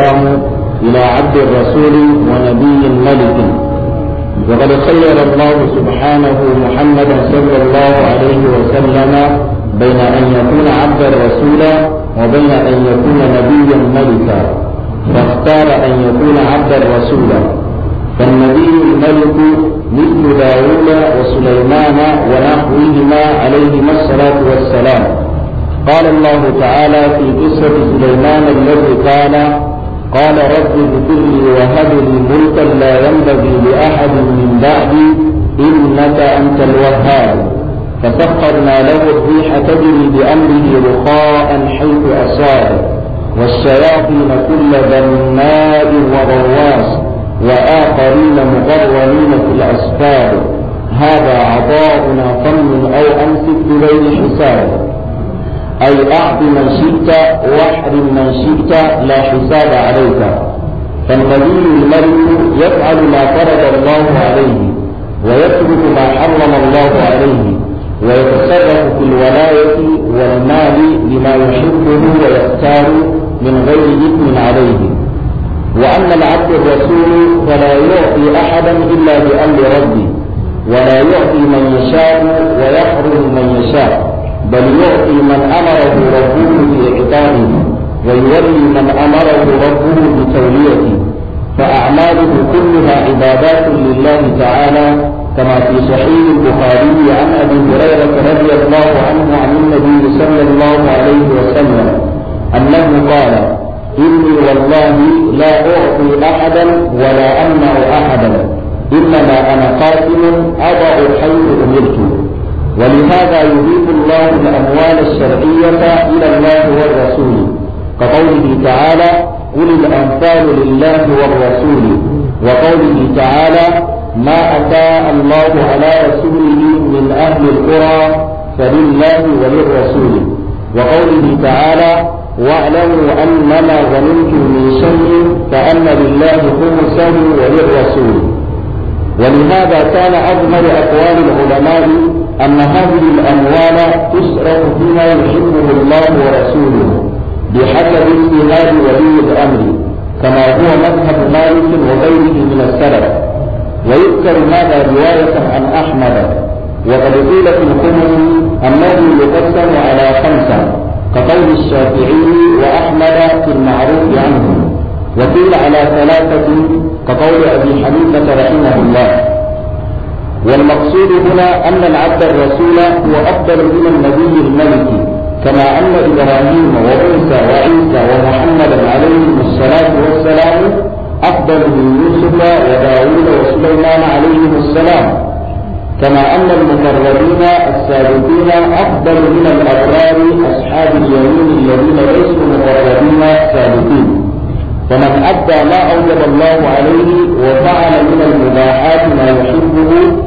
الله إلى عبد الرسول ونبي ملك وقد خير الله سبحانه محمدا صلى الله عليه وسلم بين أن يكون عبدا رسولا وبين أن يكون نبيا ملكا فاختار أن يكون عبدا رسولا فالنبي الملك مثل داوود وسليمان ونحوهما عليهما الصلاة والسلام قال الله تعالى في قصة سليمان الذي قال قال رب اغفر وهب لي ملكا لا ينبغي لأحد من بعدي إنك أنت الوهاب فسخرنا له الريح تجري بأمره رخاء حيث أصاب والشياطين كل بناء وغواص وآخرين مغرمين في الأسفار هذا عطاؤنا فمن أو أمسك بغير حساب أي أعط من شئت واحرم من شئت لا حساب عليك فالقليل المرء يفعل ما فرض الله عليه ويترك ما حرم الله عليه ويتصرف في الولاية والمال لما يحبه ويختار من غير إثم عليه وأما العبد الرسول فلا يعطي أحدا إلا بأمر ربه ولا يعطي من يشاء ويحرم من يشاء بل يعطي من امره ربه باعطائه ويولي من امره ربه بتوليته فاعماله كلها عبادات لله تعالى كما في صحيح البخاري عن ابي هريره رضي الله عنه عن النبي صلى الله عليه وسلم انه قال اني والله لا اعطي احدا ولا امنع احدا انما انا قاتل اضع حيث امرت ولهذا يضيف الله الأموال الشرعية إلى الله والرسول كقوله تعالى قل الأنفال لله والرسول وقوله تعالى ما أتى الله على رسوله من أهل القرى فلله وللرسول وقوله تعالى واعلموا أن ما ظننتم من شيء فأن لله خمسه وللرسول ولهذا كان أجمل أقوال العلماء أن هذه الأموال تسرق فيما يحبه الله ورسوله بحسب اجتهاد ولي الأمر كما هو مذهب مالك وغيره من السلف ويذكر هذا رواية عن أحمد وقد قيل في الخمس أنه يقسم على خمسة كقول الشافعي وأحمد في المعروف عنه وقيل على ثلاثة كقول أبي حنيفة رحمه الله والمقصود هنا أن العبد الرسول هو أفضل من النبي الملكي كما أن إبراهيم وموسى وعيسى ومحمدا عليهم الصلاة والسلام أفضل من يوسف وداوود وسليمان عليهم السلام كما أن المقربين السابقين أفضل من الأبرار أصحاب اليمين الذين ليسوا مقربين سابقين فمن أدى ما أوجب الله عليه وفعل من المباحات ما يحبه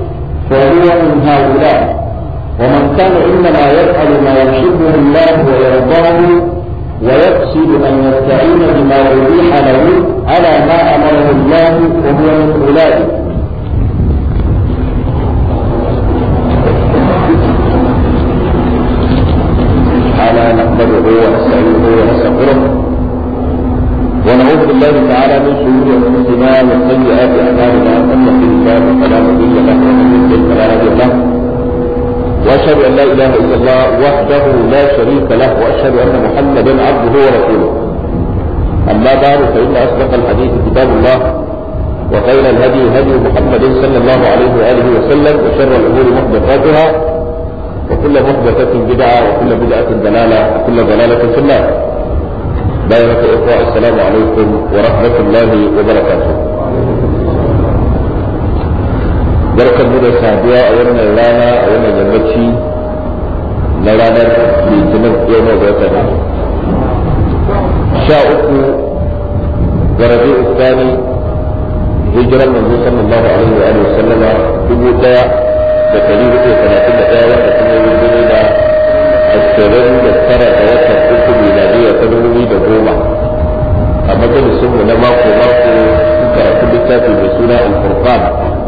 وهو من هؤلاء ومن كان إنما يفعل ما يحبه الله ويرضاه ويقصد أن يستعين بما أبيح له على ما أمره الله وهو من أولئك على نقبله ونستعينه ونستغفره ونعوذ بالله تعالى من شرور أنفسنا وسيئات أعمالنا من يهده الله فلا مضل له يضلل فلا هادي له واشهد ان لا اله الا الله وحده لا شريك له واشهد ان محمدا عبده ورسوله اما بعد فان اصدق الحديث كتاب الله وخير الهدي هدي محمد صلى الله عليه واله وسلم وشر الامور محدثاتها وكل محدثة بدعة وكل بدعة ضلالة وكل ضلالة في النار. دائرة الإخوة السلام عليكم ورحمة الله وبركاته. barkan mu da saduwa a wannan rana a wannan yammaci na ranar litinin yau da wata sha uku ga rabi ustani hijiran manzo sallallahu alaihi wa alihi sallama dubu daya da dari hudu da talatin da daya wanda kuma yi gudu da ashirin da tara da watan uku miladiya ta dubu da goma a majalisunmu na mako mako sun karatu littafi mai suna al-furqan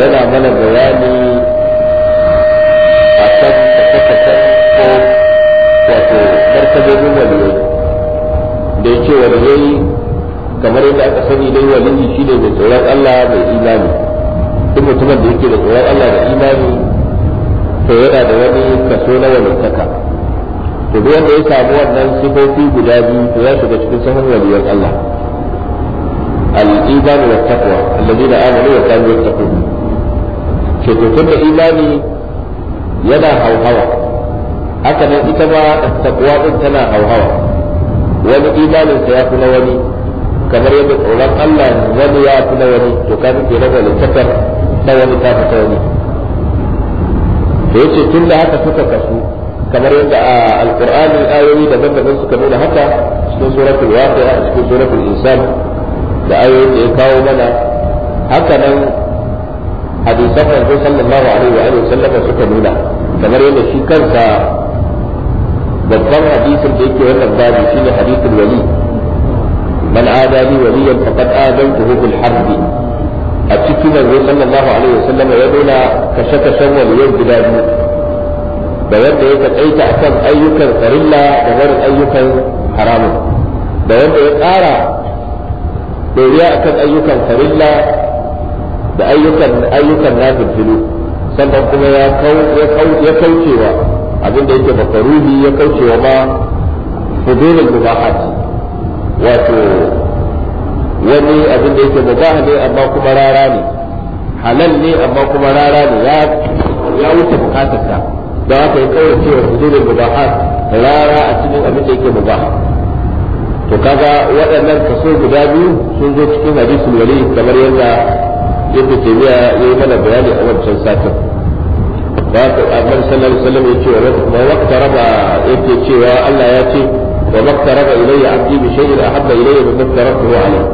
yana mana bayani a kan kasakasan ko wato martabobin waliyai da ya yake waliyai kamar yadda aka sani dai waliyi shi ne mai tsoron Allah mai imani duk mutumin da yake da tsoron Allah da imani to yana da wani kaso na walintaka to duk wanda ya samu wannan sifofi guda biyu to ya shiga cikin sahun waliyar Allah al-iman wa taqwa alladhina amanu wa kanu yattaqun ce da tunda imani yana hauhawa haka nan ita ma takwa din tana hauhawa wani imanin sa ya fi na wani kamar yadda tsoron Allah wani ya fi na wani to ka ke na wani takar na wani ta fi wani to yace tunda haka suka kasu kamar yadda a alqur'ani ayoyi daban-daban suka nuna haka cikin suratul waqi'a cikin suratul insan da ayoyin da ya kawo mana haka nan hadisan manzo sallallahu alaihi wa alihi sallam suka nuna kamar yadda shi kansa babban hadisin da yake wannan babu shine hadisul wali man adani waliyan faqad adantuhu bil harbi a cikin manzo sallallahu alaihi wa sallam ya nuna kashe-kashen waliyan guda biyu da wanda ya taƙaita akan ayyukan farilla da barin ayyukan haramun da wanda ya ƙara doriya akan ayyukan farilla da ayyukan ayyukan nafilu sannan kuma ya ya kaucewa abin da yake makaruhi ya kaucewa ma fudulul mubahat wato wani abin da yake mubah ne amma kuma rara ne halal ne amma kuma rara ne ya ya wuce ta da haka ya kaucewa fudulul mubahat rara a cikin abin da yake mubah to kaga waɗannan kaso guda biyu sun zo cikin hadisul wali kamar yadda yake tabiya yayi mana bayani a wancan satin ba ka annabi sallallahu alaihi wasallam yace wa waqta raba yake cewa Allah ya ce wa waqta raba ilayya abdi bi shay'in ahabba ilayya mimma taraktuhu alayhi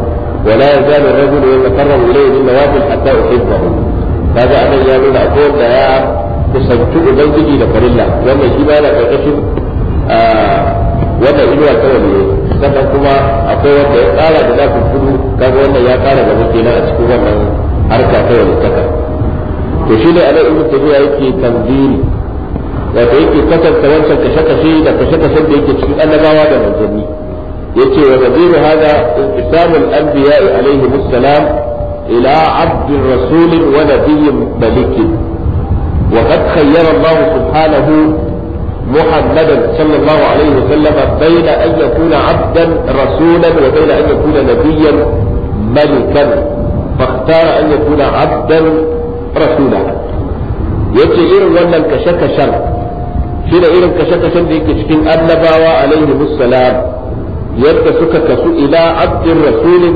wa la ar-rajulu الرجل ilayya اليه nawafil hatta احبه هذا انا ya نونا اقول ده ya kusantu ubangiji da farilla wannan shi ba na karkashin wannan inuwa ta wani sannan kuma akwai wanda ya kara da zafin kudu kaga wannan ya kara da mutane a cikin wannan harka ta yau ta kan to shi ne a nan ibn tabiya yake tanziri wato yake kwatanta wancan kashe-kashe da kashe-kashe da yake cikin annabawa da manzanni yace wa naziru hada intisamul anbiya alayhi musallam ila abd ar-rasul wa nabiy malik wa qad khayyara allah subhanahu محمدا صلى الله عليه وسلم بين ان يكون عبدا رسولا وبين ان يكون نبيا ملكا فاختار أن يكون عبدا رسولا yace irin wannan kashe-kashen shi da irin kashe-kashen da yake cikin annabawa alaihi musallam yadda suka kasu ila abdin rasulin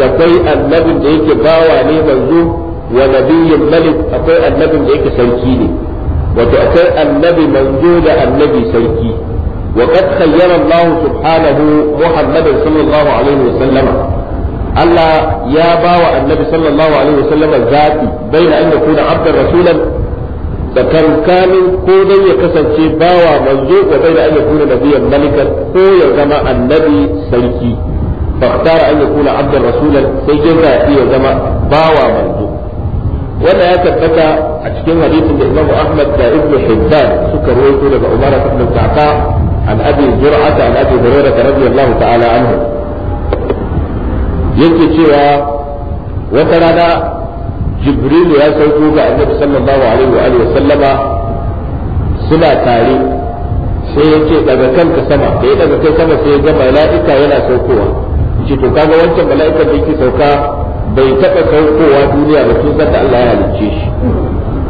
da kai annabin da yake bawa ne manzo wa nabiyyin malik akwai annabin da yake sarki ne wato akwai annabi manzo da annabi sarki wa qad khayyara Allah ya ba wa annabi sallallahu alaihi wasallam zaɓi bai na inda kuna abdan rasulan da kankanin ko dai ya kasance bawa manzo wa bai da an kuna nabiyan malikan ko ya zama annabi sarki فاختار أن يكون عبدا رسولا سيجد في زمان باوى منذ ولا يتبت أشكين حديث الإمام أحمد ابن حبان سكر ويقول عمارة بن القعقاع عن أبي زرعة عن أبي هريرة رضي الله تعالى عنه yake cewa wata rana jibrilu ya sauko ga annabi sallallahu alaihi wa sallama suna tare sai ya ce daga kanka sama da ya daga kai sama sai ya ga mala'ika yana saukowa ce to kaga wancan mala'ikan da yake sauka bai taɓa saukowa duniya ba tun da Allah ya halicce shi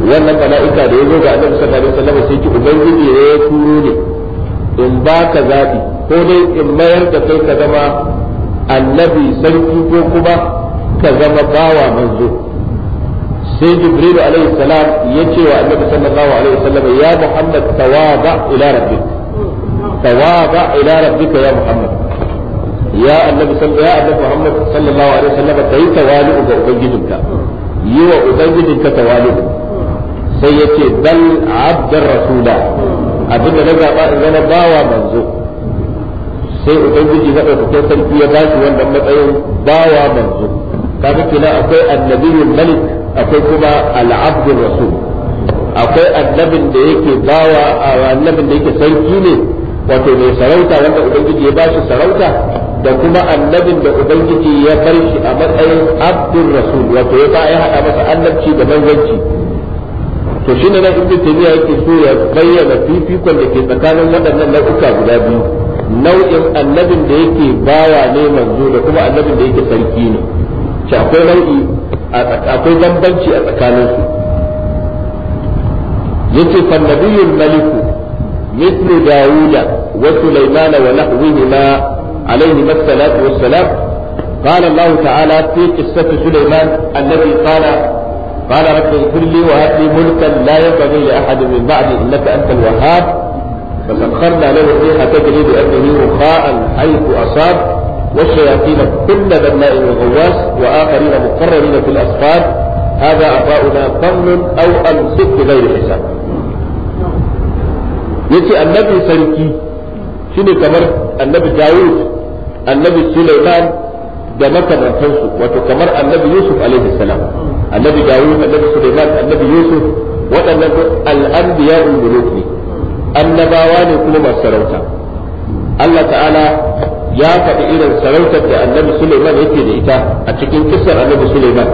wannan mala'ika da ya zo ga annabi sallallahu alaihi wa sallama sai ki ubangiji ya turo ne in ba ka zabi ko dai in mayar da kai ka zama annabi sarki ko kuma ka zama bawa manzo sai jibril alaihi salam ya ce wa annabi sallallahu alaihi wasallam ya muhammad tawaba ila ila rabbika ya muhammad ya annabi ya annabi muhammad sallallahu alaihi wasallam kai tawali ga ubangijinka sai ya ce bal abdur rasula abinda na zaba in bawa manzo sai ubangiji na ɗaukakin sarki ya bashi wannan matsayin bawa manzo kaga kina akwai annabiyul malik akwai kuma al'abdul rasul akwai annabin da yake bawa annabin da yake sarki ne wato mai sarauta wanda ubangiji ya bashi sarauta da kuma annabin da ubangiji ya bar shi a matsayin abdul rasul wato ya ba ya hada masa annabci da manzanci to shine na ibnu taymiya yake so ya bayyana fifikon da ke tsakanin waɗannan nau'uka guda biyu nau'in annabin da yake bawa ne manzo da kuma annabin da yake sarki ne ce akwai nau'i akwai bambanci a tsakanin su yace fa nabiyul malik mithlu daud wa sulaiman wa nahwihi ma alayhi masallatu wassalam qala allah ta'ala fi qissati sulaiman alladhi qala qala rabbi qul li wa hati mulkan la yabghi li ahad min ba'di innaka antal wahhab فسخرنا له الريح تجري بأنه رخاء حيث أصاب والشياطين كل بناء وغواص وآخرين مقررين في الأسفار هذا عطاؤنا فضل أو أمسك بغير حساب يأتي النبي سلكي شنو كمر النبي داوود النبي سليمان da makamantansu wato kamar annabi yusuf alaihi salam annabi dawud annabi sulaiman annabi yusuf waɗannan al'anbiya ummuluki annabawa ne kuma masu sarauta Allah ta'ala ya faɗi irin sarautar da annabi Suleiman yake da ita a cikin kisar annabi Suleiman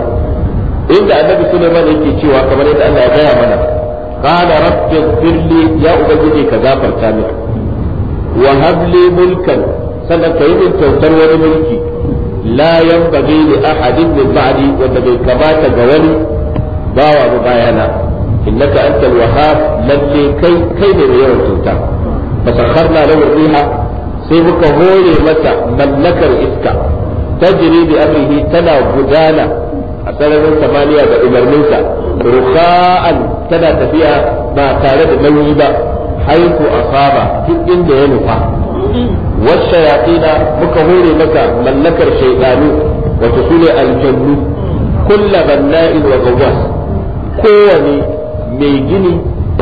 inda annabi Suleiman yake cewa kamar yadda Allah ya gaya mana qala rabbi firli ya ubangiji ka zafarta min wa mulkan sannan ka yi min kyautar wani mulki la yanbaghi li ahadin min ba'di wanda bai kamata ga wani bawa bayana innaka antal wahhab lalle kai kai ne mai yawan kyauta fasakharna lahu riha sai muka hore masa mallakar iska ta bi amrihi tana gudana a sararin samaniya da umarninsa rukha'an tana tafiya ba tare da nauyi ba haiku asaba duk inda ya nufa wasu yaƙina muka hore masa mallakar shaidanu wato su ne aljannu kulla banna'in wa gawwas kowane mai gini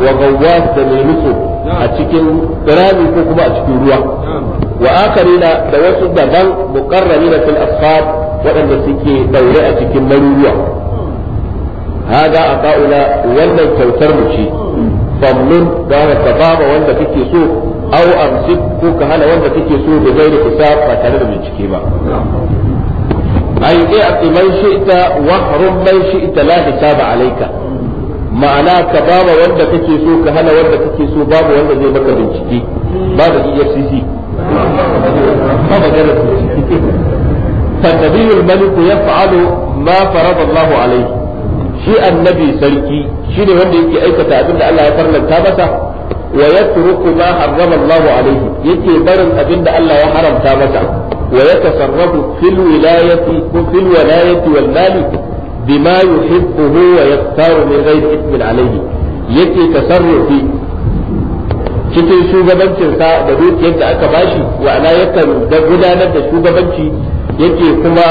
wa gawwas da mai nutsu a cikin rami ko kuma a cikin ruwa wa na da wasu daban muqarrabina fil asfar waɗanda suke daure a cikin maruruwa hada aqaula wannan kyautar mu ce famnun da ka baba wanda kake so au amsik ko ka hana wanda kake so da gairi hisab ba tare da bincike ba ai ya eh, ati man shi'ta wa harum man shi'ta la hisaba alaika ma'ana ka bawa wanda kake so ka hana wanda kake so babu wanda zai maka bincike babu EFCC ba magana فالنبي الملك يفعل ما فرض الله عليه شيء sarki shi ne wanda yake aikata abin da Allah ya farlanta masa wa yatruku ma harrama Allah alaihi yake barin abin da Allah ya haramta masa wa yatasarrafu fil wilayati fil walayati wal bima yuhibbuhu wa yaktaru min ghairi ithmin alayhi yake cikin shugabancinsa da dukiyar da aka bashi wala yakan gudanar da shugabanci yake kuma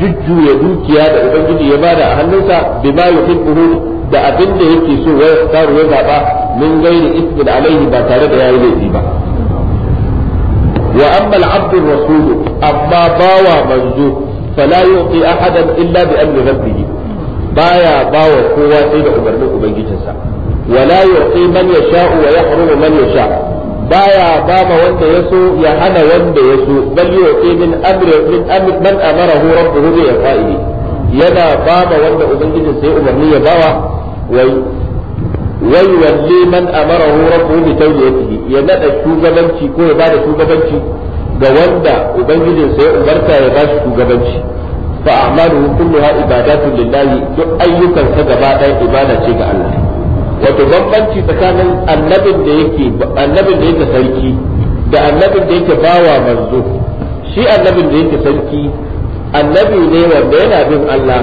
jujjuya dukiya da ubangiji ya bada a hannunsa bima yuhibbuhu da abin da yake so wa yaktaru ya zaba min ghairi ithmin alayhi ba tare da yayi laifi ba wa amma al-abdu rasul amma bawa manzo fala yuqi ahadan illa bi amri rabbih baya bawa kowa sai da umarnin ubangijinsa wala yuqi man yasha'u wa yahrumu man yasha'u baya ba ma wanda ya so ya hana wanda ya so bal yuqi min amri min amri man amarahu rabbuhu bi yafaihi yana ba ma wanda ubangijin sai umarni ya bawa wai ya bada shugabanci ga wanda ubangijinsa ya umarta ya ba shi shugabanci fa a'maluhu kulluha ibadatun lillahi duk ayyukansa gaba ɗaya ibada ce ga Allah wato bambanci tsakanin annabin da yake annabin da yake sarki da annabin da yake bawa manzo shi annabin da yake sarki annabi ne wanda yana bin Allah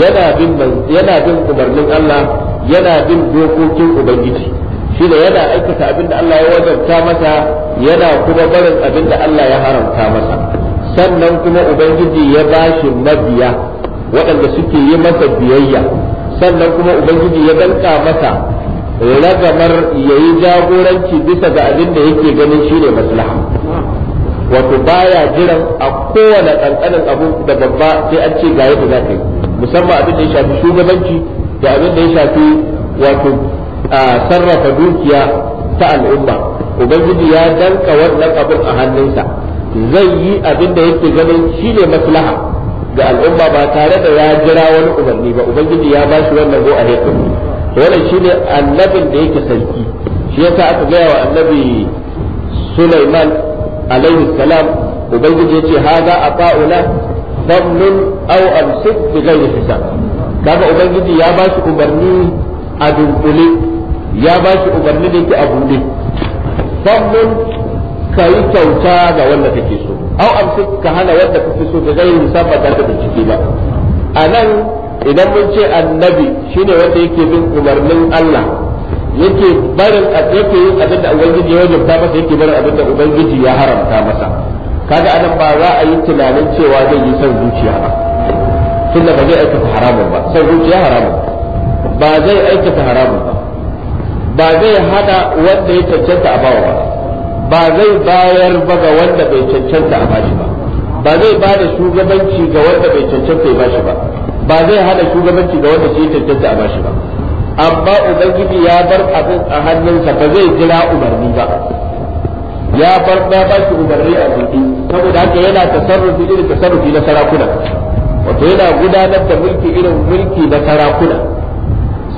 yana bin yana bin umarnin Allah yana bin dokokin ubangiji shine yana aikata abin da Allah ya wajabta masa yana kuma barin abin da Allah ya haramta masa sannan kuma ubangiji ya bashi mabiya waɗanda suke yi masa biyayya sannan kuma ubangiji ya danka masa ragamar yayi jagoranci bisa ga abin da yake ganin shine maslaha wato baya jiran a kowane kankanin abu da babba sai an ce ga yadda za ka yi musamman abin da ya shafi shugabanci da abin da ya shafi wato sarrafa dukiya ta al'umma ubangiji ya danka wannan abin a hannunsa zai yi abin da yake ganin shine maslaha ga al'umma ba tare da ya jira wani umarni ba ubangiji ya bashi wannan go a hekin wannan shine annabin da yake sarki shi yasa aka gaya wa annabi Sulaiman alaihi salam ubangiji yace haza ata'una famnun aw amsik bi ghairi hisab kaga ubangiji ya bashi umarni a dunkule ya ba shi umarni da yake a buɗe sannan ka yi kyauta ga wanda kake so au amsi ka hana wanda kake so da zai musamma ba da bincike ba a nan idan mun ce annabi shine wanda yake bin umarnin Allah yake barin yake yin abin da ubangiji ya wajabta masa yake barin abin da ubangiji ya haramta masa kaga anan ba za a yi tunanin cewa zai yi son zuciya ba tunda ba zai aikata haramun ba son zuciya haramun ba zai aikata haramun ba ba zai hana wanda ya cancanta a bawa ba zai bayar ba ga wanda bai cancanta a bashi ba ba zai ba da shugabanci ga wanda bai cancanta ya bashi ba ba zai hana shugabanci ga wanda shi cancanta a bashi ba amma ubangiji ya bar abin a hannunsa ba zai jira umarni ba ya bar ba ba shi umarni a zuci saboda haka yana tasarrufi irin tasarrufi na sarakuna wato yana gudanar da mulki irin mulki na sarakuna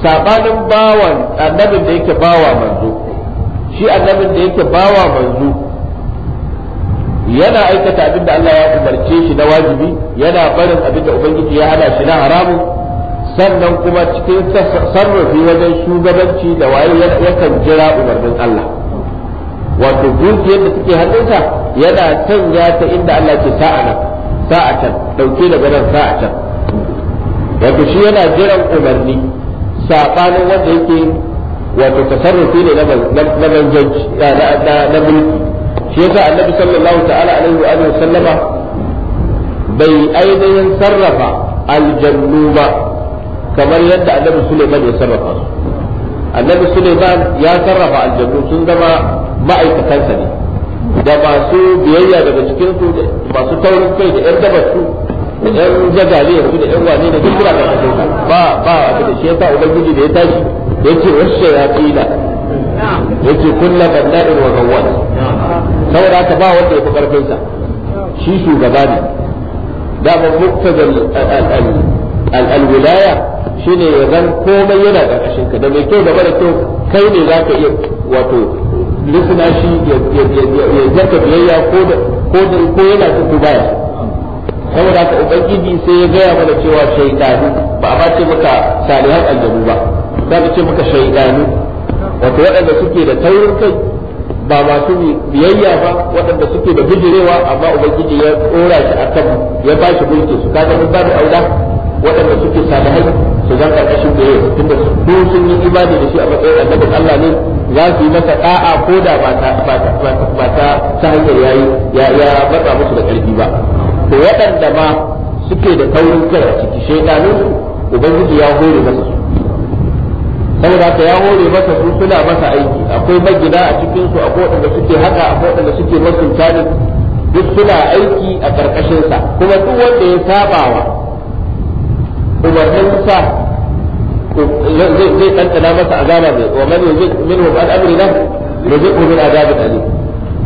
sabanin bawan annabin da yake bawa manzo shi annabin da yake bawa manzo yana aikata abin da Allah ya umarce shi na wajibi yana barin abin da ubangiji ya hana shi na haramun sannan kuma cikin sarrafi wajen shugabanci da waye yakan jira umarnin Allah wato dukiyar da take hannunsa yana canja ta inda Allah ke sa'a nan sa'a can dauke daga nan sa'a can wato shi yana jiran umarni sabanin wanda yake wato tasarrufi ne na banjanci na mulki shi yasa annabi sallallahu ta'ala alaihi wa sallama bai ainihin sarrafa aljannu ba kamar yadda annabi Suleiman ya sarrafa su annabi Suleiman ya sarrafa aljannu sun zama ma'aikatansa ne da masu biyayya daga cikin su masu taurin kai da 'yan dabar su yan ɗan jagale yanzu da ɗan wane ne duk suna karkashin sa ba ba abu da shi yasa ubangiji da ya tashi yace wasu shayatina yace kullu bandadin wa gawwat saboda haka ba wanda ya fi karfin shi shugaba ne dama muktazal al-wilaya shine ya zan komai yana karkashin ka da mai kyau da mara kyau kai ne za ka iya wato lisina shi ya zaka biyayya ko da ko yana ko baya saboda ka ubangiji sai ya gaya mana cewa shaidanu ba a ce maka salihan aljabu ba za ka ce maka shaidanu wato waɗanda suke da taurin kai ba masu biyayya ba waɗanda suke da bijirewa amma ubangiji ya tsora shi a kan ya ba shi mulki su kaga mun ba da aula waɗanda suke salihai su zan karkashin da yau tunda su sun yi imani da shi a matsayin annabin Allah ne za su yi masa da'a ko da ba ta ta hanyar yi ya matsa musu da ƙarfi ba to waɗanda ma suke da taurin kai a ciki shaidanun su ubangiji ya hore masa su saboda haka ya hore masa su suna masa aiki akwai magida a cikin su akwai waɗanda suke haka akwai waɗanda suke masunta ne duk suna aiki a ƙarƙashin sa kuma duk wanda ya sabawa umarnin sa zai zai tantana masa azaba mai wa man yuzik minhu an amrina yuzikhu min azabin alim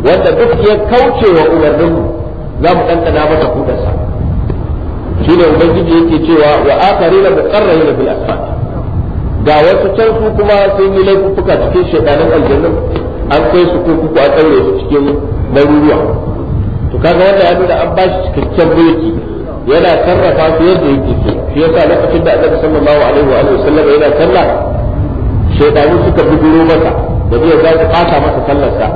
wanda duk ya kauce wa umarnin mu za mu ɗanɗana mata kudarsa shi ne ubangiji yake cewa wa akari na mukarrahi na bil asfa ga wasu can su kuma sun yi laifuffuka cikin shaidanin aljannu an kai su kurkuku a ɗaure su cikin maruruwa to kaga wanda ya nuna an bashi cikakken mulki yana sarrafa su yadda yake so shi yasa lokacin da annabi sallallahu alaihi wa alihi sallama yana sallah shaidanu suka duro masa da zai za su ɓata masa sallarsa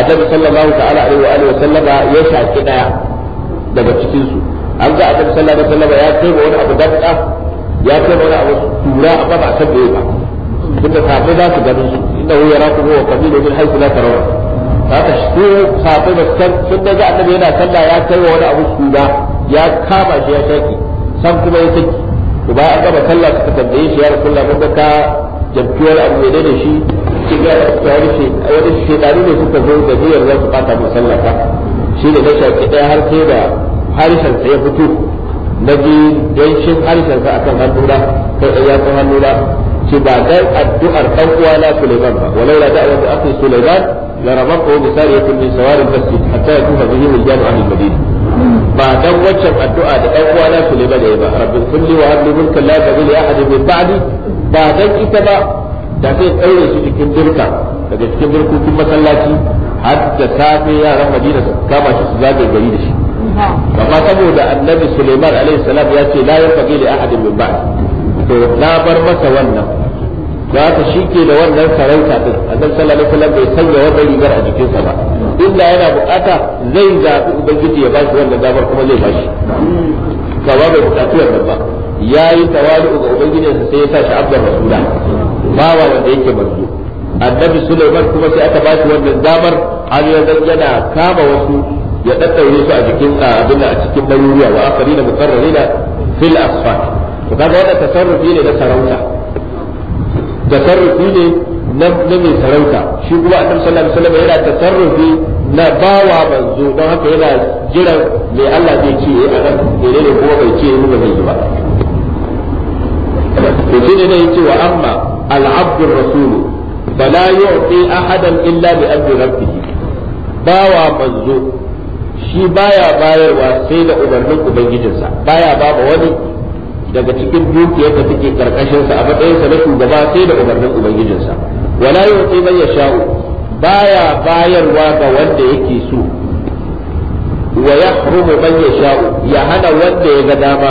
annabi sallallahu ta'ala alaihi wa alihi sallama ya shaki daya daga cikin su an ga annabi sallallahu alaihi sallama ya kai wani abu dakka ya kai wani abu tura amma ba san da ba tunda sahabbai za su ganin su inda na yarakum wa qabilu min haythu la tarawun haka su sahabbai ba san sun ga annabi yana sallah ya kai wani abu tura ya kama shi ya shaki san kuma ya saki to bayan an gama sallah suka tambaye shi ya rasulullah mun ga ka jamfiyar abu ne da shi yake ga ta rufe wani shekaru ne suka zo da biyar za su fata musallaka shi da na shafi ɗaya har sai da harshen sa ya fito na ji danshin harshen sa akan hannuna kai ɗaya kan hannuna ce ba dan addu'ar ɗan uwana Suleiman ba walau da da'awatu akhi Suleiman la rabaqahu bi sariyatin min sawarin masjid hatta yakuna bihi wildan ahli madina ba dan waccan addu'a da ɗan uwana Suleiman ya yi ba rabbil kulli wa habli mulkan la yabghi li ahadin min ba'di ba dan ita ba da zai tsaye su cikin birka daga cikin birkokin masallaci har da safe yaran madina su kama shi su zagaye gari da shi amma saboda annabi suleiman alaihi salam ya ce la yanfaqi li ahadin min ba'd to na bar masa wannan da shi ke da wannan sarauta din annabi sallallahu alaihi wasallam bai sanya wannan rigar a jikinsa ba inda yana bukata zai zabi ubangiji ya bashi wannan damar kuma zai bashi ba ba bai bukatu wannan ba yayi tawali'u ga ubangijinsa sai ya sa shi abdan rasula bawa wanda yake manzo annabi Sulaiman kuma sai aka shi wannan damar har ya yana kama wasu ya daddaure su a jikin abin a cikin bayyuriya wa akarina muqarrarina fil asfar to kaga wannan tasarrufi ne na sarauta tasarrufi ne na mai sarauta shi kuma annabi sallallahu alaihi yana tasarrufi na bawa manzo don haka yana jiran mai Allah zai ce a nan ne kuma bai ce mu zai yi ba to shine ne yace wa amma al-abdu rasul fala yu'ti ahadan illa bi amri rabbih bawa manzo shi baya bayarwa sai da umarnin ubangijinsa baya ba wani daga cikin dukiyar da take karkashin sa a matsayin sa na shugaba sai da umarnin ubangijinsa wala yu'ti man yasha'u baya bayarwa ga wanda yake so wa yahrumu man yasha'u ya hana wanda ya ga dama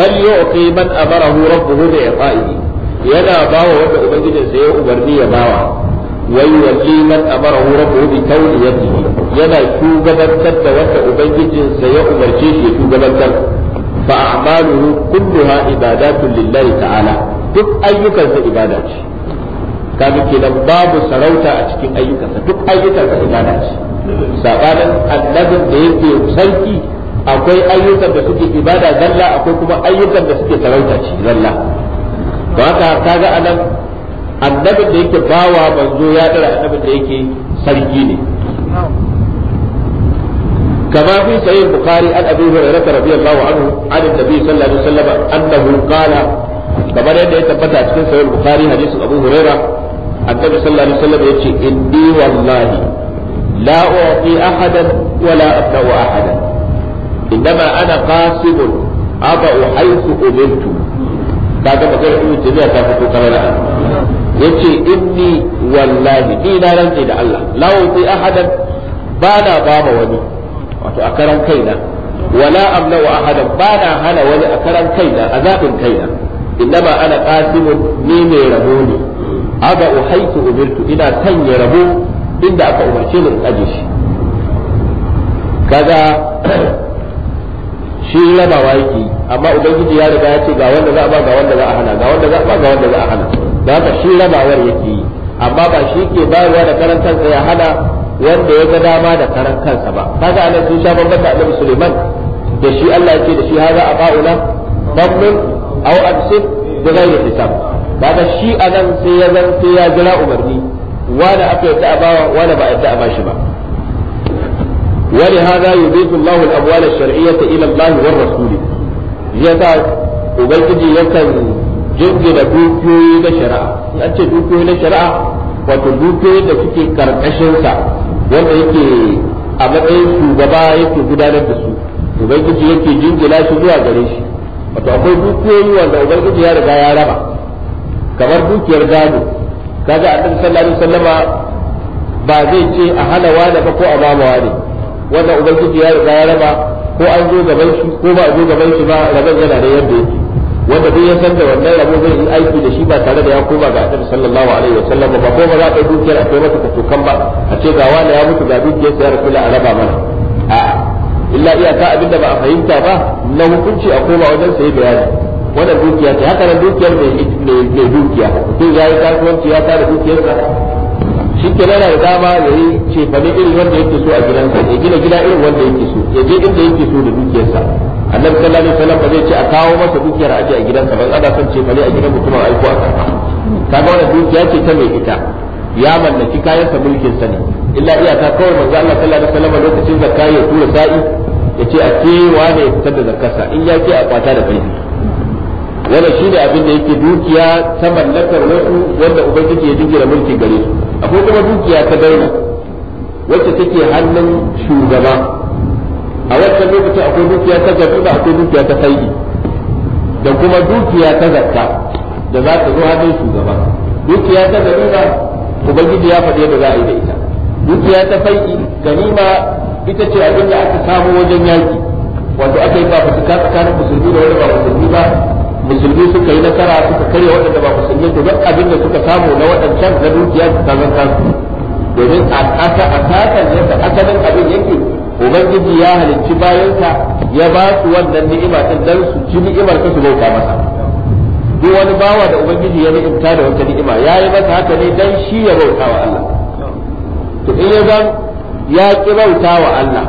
bal yu'ti man amarahu rabbuhu bi iqa'ihi yana bawa wanda ubangijinsa ya ubarni ya bawa da من أمره ربه بكون يده yana shugabantar da wanda ubangijinsa ya umarce shi ya shugabantar fa a'maluhu kulluha ibadatun lillahi ta'ala duk ayyukansa ibada ce kaga kenan babu sarauta a cikin ayyukansa duk ayyukan ayyukansa ibada ce sabanin annabin da yake sarki akwai ayyukan da suke ibada zalla akwai kuma ayyukan da suke sarauta ce zalla to haka kaga anan annabin da yake bawa manzo ya dara annabin da yake sarki ne كما في صحيح البخاري عن ابي هريره رضي الله عنه عن النبي صلى الله عليه وسلم انه قال كما يدعي تبت في صحيح البخاري حديث ابو هريره annabi sallallahu alaihi yace inni wallahi la u'ti ahadan wa la abda'u ahadan indama ana qasibun aba'u haythu umirtu kaga magana ibn tabiya ta fito kamar yace inni wallahi ni na rantsi da Allah la u'ti ahadan bana baba wani wato a karan kaina wala amna wa ahadan bana hana wani a karan kaina a zabin kaina innama ana qasibun ni mai rabo ne aga uhaitu umirtu ina sanya rabo inda aka umarce ni in aje shi kaga shi rabawa yake amma ubangiji ya riga ya ce ga wanda za a ba ga wanda za a hana ga wanda za a ba ga wanda za a hana da haka shi rabawar yake yi amma ba shi ke bayarwa da karan kansa ya hana wanda ya ga dama da karan kansa ba kaga anan sun sha bambanta annabi Suleiman da shi Allah ya ce da shi haza a ba'ula bamun aw absid da ghairi hisab kaga shi a nan sai ya zan sai ya jira umarni wani aka yadda a bawa wani ba yadda a bashi ba ولهذا يضيف الله yakan الشرعية إلى الله والرسول يسا وبلتجي يكن جنجد دوكيوي لشرع أنت دوكيوي لشرع وتدوكيوي لكي كرمشنسا wanda yake a matsayin shugaba yake gudanar da su ubangiji yake jingila shi zuwa gare shi wato akwai dukiyoyi wanda ubangiji ya riga ya raba kamar dukiyar gado kaga annabi sallallahu alaihi wasallama ba zai ce a hana wani ba ko a bama wani wannan ubangiji ya riga ya raba ko an zo gaban shi ko ba a zo gaban shi ba raban yana da yadda yake wanda duk ya san da wannan rabo zai yi aiki da shi ba tare da ya koma ga annabi sallallahu alaihi wasallam ba ko ba za ka dukiyar a kai mata katokan ba a ce ga wani ya mutu ga dukiyar sa ya rasu la raba mana a'a illa iyaka abinda ba a fahimta ba na hukunci a koma wajen sai bayani wannan dukiya ce haka nan dukiyar mai ita mai dukiya mutum ya yi kasuwanci ya tara dukiyarsa shi ke nana da dama ya yi cefane irin wanda yake so a gidansa ya gina gida irin wanda yake so ya je inda yake so da dukiyarsa annabi sallallahu alaihi wasallam ba zai ce a kawo masa dukiyar aje a gidansa ban ana son cefane a gidan mutum a aiko a karfa kaga wannan dukiya ce ta mai ita ya mallaki kayansa mulkin sa ne illa iyaka kawai manzo Allah sallallahu alaihi wasallam lokacin zakka ya tura sa'i ya ce a ce wane ya fitar da zakkarsa in ya ke a kwata da kai shi ne abin da yake dukiya ta mallakar wasu wanda ubangiji ya jingira mulki gare su akwai kuma dukiya ta daina wacce take hannun shugaba a wancan lokacin akwai dukiya ta gabiba akwai dukiya ta sayi da kuma dukiya ta zakka da za ta zo hannun shugaba dukiya ta uban ubangiji ya faɗi yadda za a yi da ita dukiya ta faiki ganima ita ce abin da aka samu wajen yaki wato aka yi ba tsakanin musulmi da wani ba musulmi ba musulmi suka yi nasara suka karya waɗanda ba musulmi to duk abin da suka samu na waɗancan na dukiya su ta zan kansu domin a ƙasa a kasan yadda asalin abin yake ubangiji ya halicci bayansa ya ba su wannan ni'ima din dan su ci ni'imar ta su bauta masa duk wani bawa da ubangiji ya ni'imta da wata ni'ima ya yi masa haka ne dan shi ya bauta wa Allah to in ya zan ya ki bauta wa Allah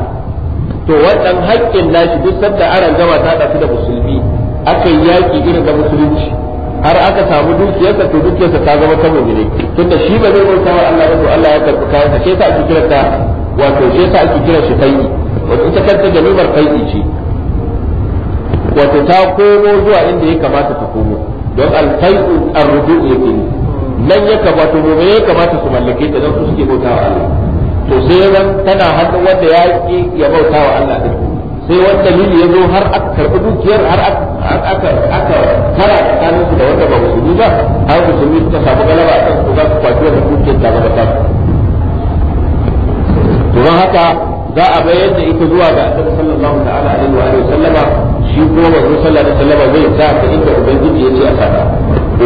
to wannan haƙƙin nashi duk sanda aran gaba ta da musulmi aka yi yaƙi irin da musulunci har aka samu dukiyarsa to dukiyarsa ta zama ta mu'mini tunda shi ba zai bauta wa Allah ba to Allah ya karɓi kayansa shi yasa ake ta, wato shi yasa ake kiran shi kai wato ita kanta jami'ar kai ce wato ta komo zuwa inda ya kamata ta komo don alfai'u arrudu yake ne nan ya kamata mu ya kamata su mallake ta don su suke bauta wa Allah to sai ran tana hannun wanda ya ya bauta wa Allah din sai wani dalili ya zo har aka karɓi dukiyar har aka aka tara tsakanin su da wanda ba musulmi ba har musulmi suka samu galaba akan su za su kwaci wannan dukiyar ta gaba ta to don haka za a bayar da ita zuwa ga annabi sallallahu ta'ala alaihi wa alihi sallama shi kuma manzo sallallahu alaihi sallama zai sa ta inda ubangiji ya ce a saka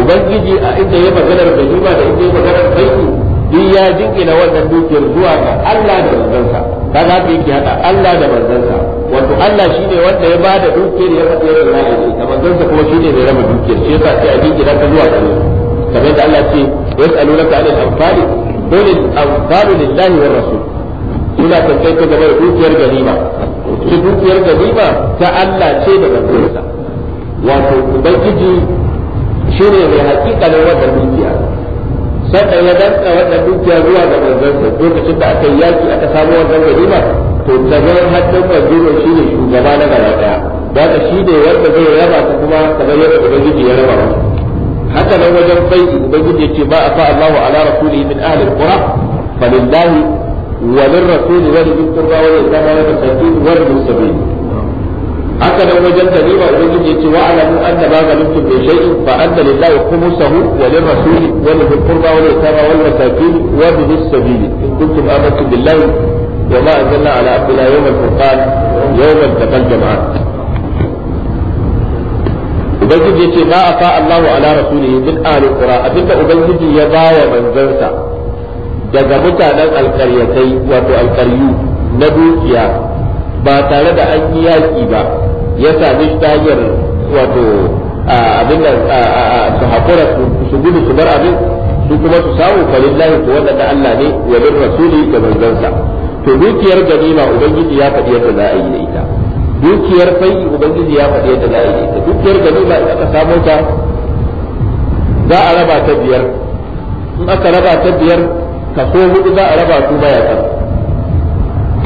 ubangiji a inda ya maganar da da inda ya maganar kai duk ya jingina wannan dukiyar zuwa ga Allah da manzansa kaga haka yake hada Allah da manzansa wato Allah shine wanda ya bada dukiyar ya fadi da ra'ayi shi da manzansa kuma shine mai raba dukiyar shi yasa sai a bi gidan ka zuwa gare kamar da Allah ce yas'alunaka 'anil anfali qul al-anfalu lillahi wa rasul suna tantai ka game da dukiyar ganima shi dukiyar ganima ta Allah ce da manzansa wato ubangiji shine mai hakikanin wannan dukiya dan ya danka wannan dukiya zuwa ga manzansa lokacin da aka yaki aka samu wannan ganima to ta ga haddin manzuro shi ne shugaba na gaba daya da ka shi ne wanda zai raba ta kuma kamar yadda ubangiji ya raba masa haka nan wajen bai'i ubangiji ce ba a afa Allahu ala rasulihi min ahli alqura falillahi وللرسول ولذي القربى واليتامى والمساكين والمن السبيل haka nan wajen ganima ubangiji yace wa alamu anna ba ganimtum bi shay'in fa anna lillahi khumsahu wa lirrasul wa lil qurba wa lil yatama wal masakin wa bis sabil in kuntum amantum billahi wa ma anzalna ala abdina yawm al furqan yawm al taqal jam'an ubangiji yace ma afa Allah ala rasulihi min ahli qura abinda ubangiji ya bawa manzansa daga mutanen alkaryatai wato alkaryu na dukiya ba tare da an yi yaƙi ba ya sami tajar wato abin da su hakura su gudu su bar abin su kuma su samu falillahi to wanda Allah ne wa bin rasuli da manzansa to dukiyar ganima ubangiji ya faɗi yadda za a yi da ita dukiyar fai ubangiji ya faɗi yadda za a yi da ita dukiyar ganima in aka samo ta za a raba ta biyar in aka raba ta biyar kaso hudu za a raba su baya kan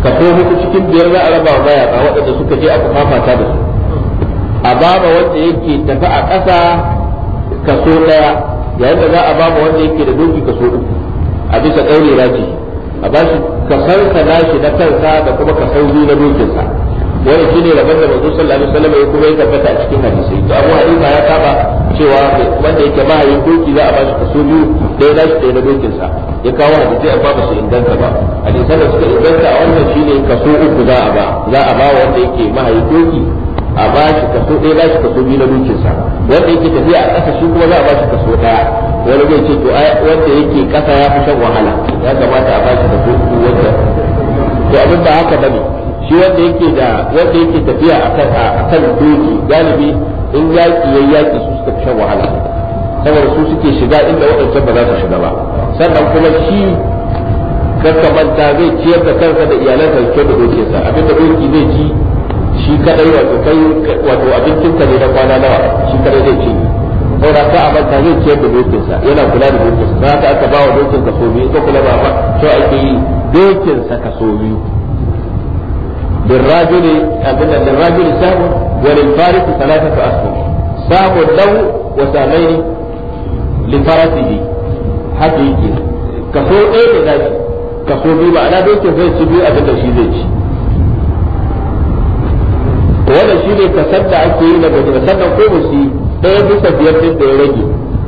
kaso hudu cikin biyar za a raba wa mayaka waɗanda suka je aka fafata da su a baba wanda yake tafi a ƙasa kaso ɗaya yayin da za a baba wanda yake da doki kaso uku a bisa ɗaure raji a ba shi kasar ka shi na kansa da kuma kasar biyu na dokinsa wani shine rabon da manzo sallallahu alaihi wasallam ya kuma ya tabbata a cikin hadisai to abu hanifa ya saba cewa wanda yake ba yin doki za a ba shi kaso biyu ɗaya nashi ɗaya na dokin sa ya kawo hadisai amma ba ba su inganta ba a hadisan da suka inganta a wannan shine kaso uku za a ba za a ba wanda yake mahayin doki a ba shi kaso ɗaya ba shi kaso biyu na dokin sa wanda yake tafiya a ƙasa shi kuma za a ba shi kaso ɗaya wani zai ce to wanda yake ƙasa ya fi shan wahala ya kamata a ba shi kaso uku wanda to abin ba haka bane shi wanda yake da wanda yake tafiya a kan doki galibi in yaƙi ya yaƙi su suka fi shan wahala saboda su suke shiga inda waɗancan ba za su shiga ba sannan kuma shi kakka manta zai ciyar da kansa da iyalansa da ciyar da sa abin da doki zai ci shi kadai wato kai wato abincin ka ne na kwana nawa shi kadai zai ci saboda ka amanta zai ciyar da sa yana kula da dokinsa za ka aka ba wa dokin so biyu ko kula ba ba to ake yi dokinsa so biyu lirrajuli abin da lirrajuli samun وللفارس ثلاثة أسهم سام له وسامين لفرسه haka yake kaso ɗaya ne za shi kaso biyu ma'ana da yake biyu ci wannan shi ne kasar da ake yi na bajina sannan ko musu ɗaya bisa biyar ɗin da ya rage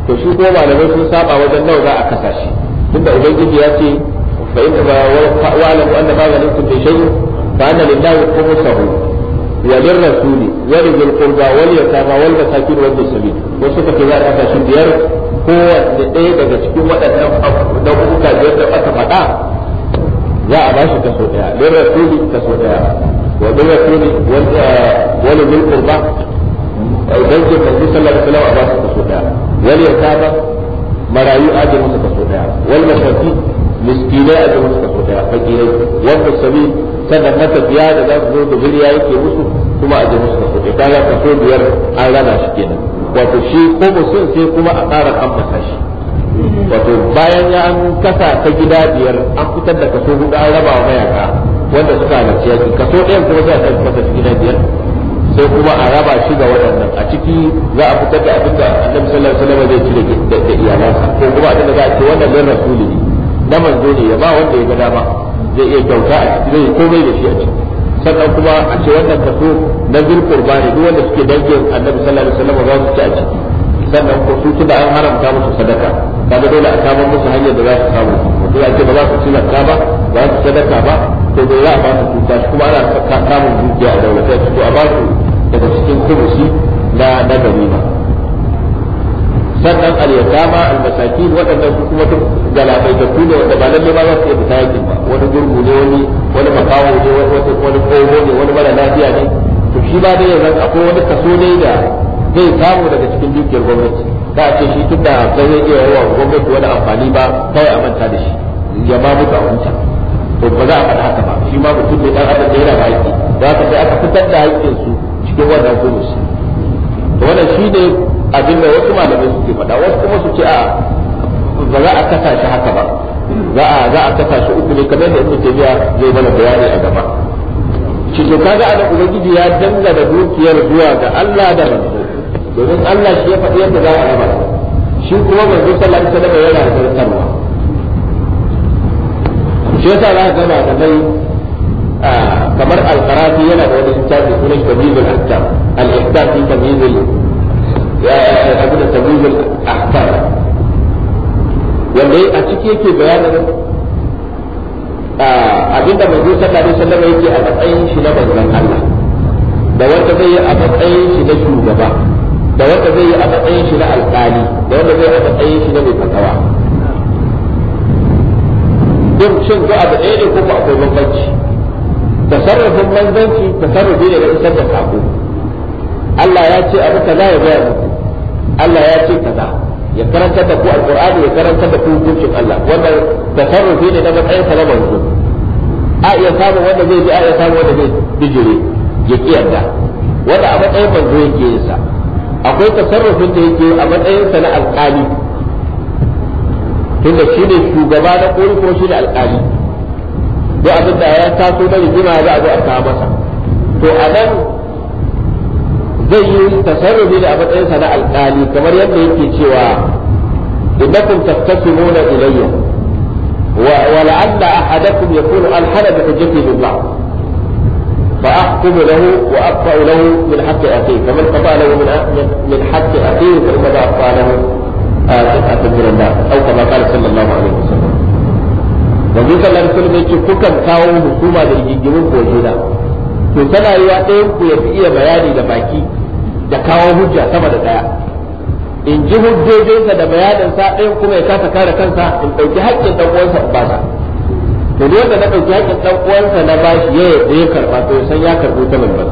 to shi ko malamai sun saba wajen nawa za a kasa shi tunda ubangiji ya ce fa in ba wa alam anna ma zalikum bi shay'in fa anna lillahi khumsahu وللرسول ولذي القربى واليتامى والمساكين وابن السبيل وصفة كذا أتى شديار هو لأي بقى شكو مدى نوع كذير نوع أتفقى ذا أباشي كسوديا للرسول كسوديا وللرسول ولذي القربى أبنج النبي صلى الله عليه وسلم أباشي كسوديا واليتامى مرايو آجي مصر كسوديا والمساكين مسكيني آجي مصر كسوديا فجيني وابن السبيل sannan matafiya da za su zo da birya yake musu kuma a ji musu da kuɗi kaga kaso biyar an rana shi kenan wato shi ko mutum sai kuma a ƙara ambata shi wato bayan ya an kasa ta gida biyar an fitar da kaso hudu an raba wa mayaka wanda suka halarci yaki kaso ɗayan kuma sai a fasa kasa gida biyar sai kuma a raba shi ga waɗannan a ciki za a fitar da abin da annabi sallallahu alaihi wasallam zai ci da iyalansa ko kuma abin da za a ce wannan zai rasu ne na manzo ne ya ba wanda ya ga dama zai iya kyauta a ciki zai komai da shi a ciki sannan kuma a ce wannan kaso na zurfin ba ne duk wanda suke dangin annabi sallallahu alaihi wasallam ba su ci a ciki sannan ko su tunda an haramta musu sadaka kaga dole a samar musu hanyar da za su samu mutum ya ce ba za su ci zakka ba ba su sadaka ba to dole a ba su tuta kuma ana samun dukiya a daulatai to a ba su daga cikin kubusi na na ganima sannan al-yatama al-masakin waɗannan su kuma duk da kuma wanda ba lalle ba za su iya fita yakin ba wani gurgu ne wani wani makawo ne wani wani kogo ne wani mara lafiya ne to shi ba dai yanzu akwai wani kaso ne da zai samu daga cikin dukiyar gwamnati da ce shi tun da sai zai iya yawa gwamnati wani amfani ba kai a manta da shi ya ba mutu a to ba za a faɗa haka ba shi ma mutum ne dan adam da yana da haƙƙi da haka sai aka fitar da haƙƙin su cikin wannan gurus to wannan shi ne da wasu malamai suke faɗa wasu kuma su ce a ba za a kasa shi haka ba za a za a kasa shi uku ne kamar da ibnu tabiya zai mana bayani a gaba shi to kaga ana ubangiji ya da dukiyar zuwa ga Allah da manzo domin Allah shi ya faɗi yadda za a raba shi kuma manzo sallallahu alaihi wasallam yana zartarwa shi yasa za ka gama da mai kamar alqarafi yana da wani littafi sunan kabirul ahkam al-ihkam fi kabirul ya abu da tabibul ahkam wanda a ciki yake bayanin abinda manzo sallallahu alaihi wasallam yake a matsayin shi na manzon Allah da wanda zai yi a matsayin shi na shugaba da wanda zai yi a matsayin shi na alƙali da wanda zai yi a matsayin shi na mai fatawa duk shin duk abu ɗaya ne ko ba akwai bambanci tasarrufin manzanci tasarrufi ne da isar da sako Allah ya ce abu kaza ya gaya muku Allah ya ce kaza ya karanta da ku alqur'ani ya karanta da ku hukuncin Allah wannan tasarrufi ne da matsayin sa na manzo a iya samu wanda zai bi a iya samu wanda zai bijire ya kiyarda wanda a matsayin manzo yake yin sa akwai tasarrufin da yake a matsayin sa na alqali tunda shi ne shugaba na kori ko shi ne alƙali duk abin da ya taso na rigima za a zo a kawo masa to a nan zai yi tasarrufi da a matsayin sa na alƙali kamar yadda yake cewa innakum taftasimuna ilayya wa wa la'alla ahadakum yakunu alhala bi hujjati billah fa ahkum lahu wa aqta'u lahu min haqqi akhihi kaman qada lahu min min haqqi akhi fa qad aqta lahu a haqqi billah aw kama qala sallallahu alaihi wasallam yanzu sallar sulmi ce kukan kawo hukuma da rigigimin gojina to tana yi wa ɗayan ku ya fi iya bayani da baki da kawo hujja sama da daya in ji hujjojinsa da bayaninsa ɗayan kuma ya kasa kare kansa in ɗauki haƙƙin ɗan uwansa in basa to duk da na ɗauki haƙƙin ɗan uwansa na bashi ya yarda ya karɓa to ya san ya karɓo ta babban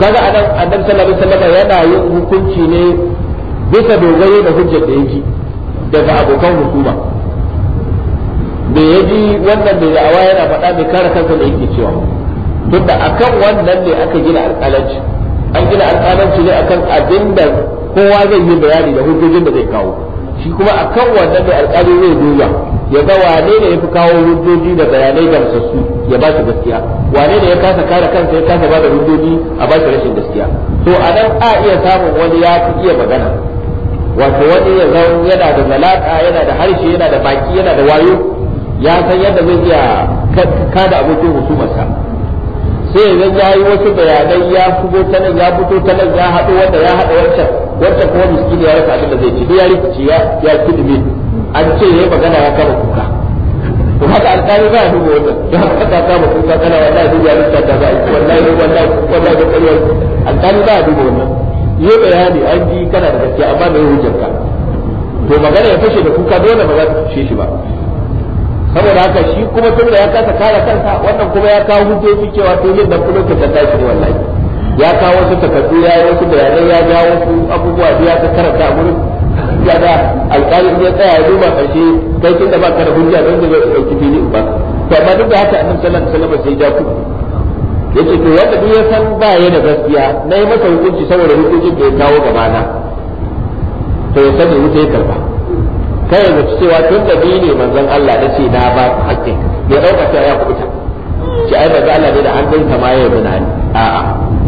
kaga anan adam sallallahu alaihi wasallam yana yin hukunci ne bisa dogaro da hujjar da yake daga abokan hukuma me yaji wannan da da'awa yana faɗa mai kare kansa da yake cewa tunda akan wannan ne aka gina alƙalanci an gina alƙalanci ne akan abin da kowa zai yi bayani da hujjojin da zai kawo shi kuma akan wannan da alƙali zai duba ya ga wane ne ya fi kawo hujjoji da bayanai da gamsassu ya ba shi gaskiya wane ne ya kasa kare kansa ya kasa ba da hujjoji a ba shi rashin gaskiya to a nan a iya samun wani ya fi iya magana wato wani ya zan yana da malaka yana da harshe yana da baki yana da wayo ya san yadda zai iya kada abokin husumarsa sai idan ya yi wasu bayanai ya fugo ta nan ya fito ta nan ya haɗu wanda ya haɗu wancan wancan kuma miskin ya rasa abin da zai ci ya rikici ya ya kidime an ce yayi magana ya kama kuka to haka alƙali ba ya duba wannan ya haka ka kama kuka kana wallahi duk ya rikita da ba yi wallahi wallahi wallahi da ƙarya alƙali ba ya duba wannan yi bayani an ji kana da gaskiya amma me hujjar ka to magana ya fashe da kuka dole ba za ta tushe shi ba saboda haka shi kuma tun da ya kasa kare kansa wannan kuma ya kawo hujjoji cewa to yin dan kuma ta tashi ne wallahi ya kawo wasu takardu ya yi wasu bayanai ya ga wasu abubuwa da ya ta karanta a gurin ya da alƙalin ya tsaya ya duba ƙarshe kai tun da ba ka da hujja don zai ɗauki fili ba to amma duk da haka annabi sallallahu alaihi wasallam sai ya ku yace to wanda duk ya san ba ya da gaskiya na yi masa hukunci saboda hukuncin da ya kawo gabana to ya sani wuce ya karba kai ya zaci cewa tun da ni ne manzon Allah na ce na ba ku haƙƙin ya ɗauka cewa ya kuɓuta shi ai da Allah ne da an hannunsa ma ya yi ni a'a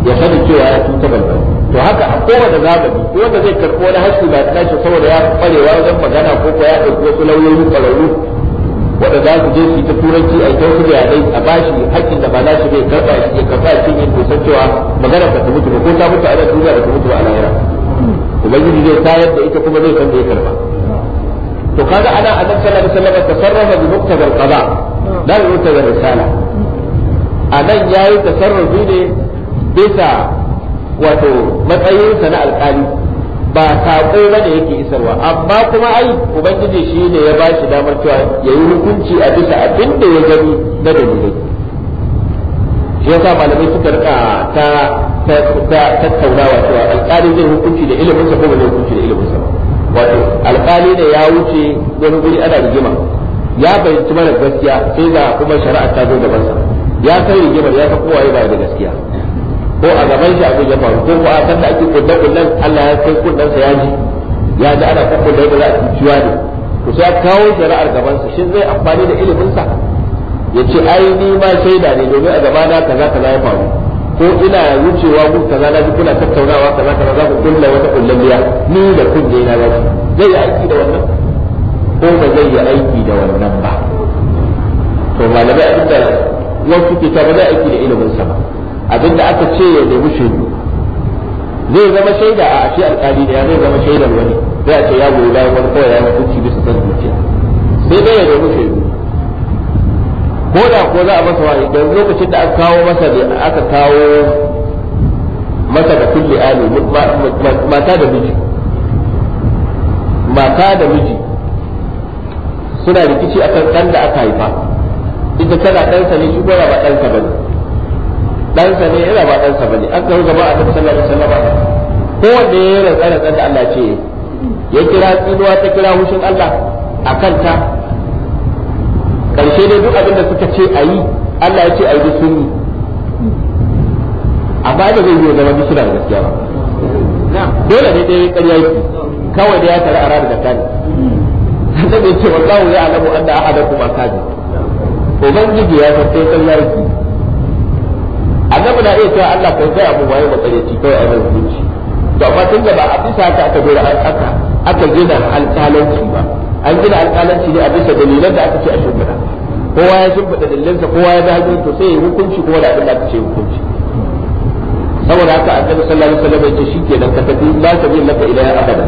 ya sani cewa ya tuta balbal to haka a kowane zamani ko wanda zai karɓo wani haƙƙi ba ta tashi saboda ya ƙwarewa wajen magana ko ko ya ɗauki wasu lauyoyi ƙwararru wanda za su je su yi ta turanci a kyau su dai a bashi haƙƙin da ba za shi bai karɓa shi ya karɓa shi ne to san cewa magana ba ta mutu ba ko ta mutu a nan duniya ba ta mutu ba a lahira ubangiji zai tayar da ita kuma zai san da ya karɓa to kaga ana annabi sallallahu alaihi wasallam tasarrafa bi muqtadar qada da bi muqtadar risala anan yayi tasarrufi ne bisa wato matsayinsa na alƙali ba saƙo ba ne yake isarwa amma kuma ai ubangiji shi ne ya bashi damar cewa ya yi hukunci a bisa abin da ya gani na dalilai shi yasa malamai suka rika ta tattaunawa cewa alƙali zai hukunci da ilimin sa ko ba zai hukunci da ilimin sa ba wato alƙali ne ya wuce wani guri ana rigima ya bayyanci mana gaskiya sai ga kuma shari'a ta zo gaban sa ya kai rigimar ya tafi kowa ba da gaskiya ko a gaban shi abin ya faru ko kuwa a san da ake kudin kullan Allah ya kai kudin sa ya ji ya ji ana kudin da za a ciwa ne to sai kawo shari'ar gaban sa shin zai amfani da ilimin sa ya ce ai ni ma shaida ne domin a na kaza kaza ya faru ko ina wucewa kun kaza na ji kula tattaunawa kaza kaza za ku kulla wata kullabiya ni da kunne na ba zai yi aiki da wannan ko ba zai yi aiki da wannan ba to malamai abinda wasu ke ta ba zai aiki da ilimin sa ba abinda aka ce ya nemi shaidu zai zama shaida a ashe alƙali da ya zai zama shaidar wani zai a ce ya goyi bayan wani kawai ya hukunci bisa san zuciya sai dai ya nemi shaidu ko da ko za a masa wani don lokacin da aka kawo masa ne aka kawo masa da kulli ali mata da miji mata da miji suna rikici akan dan da aka haifa ita tana ɗansa ne shi gora ba ɗansa ba ne ɗansa ne yana ba ɗansa ba ne an ga gaba a tafi sallar ko wanda ya rantsa rantsa da Allah ce ya kira tsinuwa ta kira hushin Allah a ta. karshe dai duk abin da suka ce a yi Allah ya ce a yi da sun yi amma da zai yi zama duk suna da gaskiya ba dole ne dai ƙarya yi kawai da ya tare a rada da kani annabi ya ce kawo ya alamu anna ahadakum akabi ubangiji ya san sai ƙarya a annabi na iya cewa Allah kan sai abu bayan matsalaci kai a mai zuci to amma tun da ba a bisa ta aka dora aka aka gina alƙalanci ba an gina alƙalanci ne a bisa dalilan da aka ce a shugaba kowa ya shimfiɗa dillinsa kowa ya dahajo to sai ya hukunci ko da abin da aka ce hukunci saboda haka annabi sallallahu alaihi wasallam yace shikenan ka tafi la tabi laka ila ya abada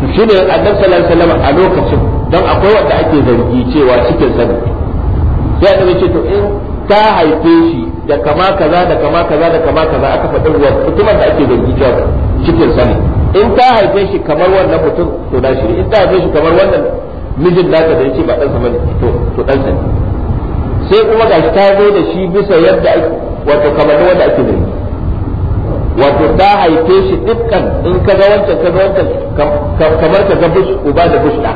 to shine annabi sallallahu alaihi wasallam a lokacin dan akwai wanda ake zargi cewa cikin sa sai annabi ce to in ta haife shi da kama kaza da kama kaza da kama kaza aka faɗi wa mutumin da ake zargi cewa cikin sa in ta haife shi kamar wannan mutum to da shi in ta haife shi kamar wannan mijin naka da yace ba dan sa bane to to dan sa sai kuma shi ta zo da shi bisa yadda ake wato kamar wanda ake da wato ta haife shi dukkan in ka ga wancan ka ga wancan kamar ka ga bush uba da bush da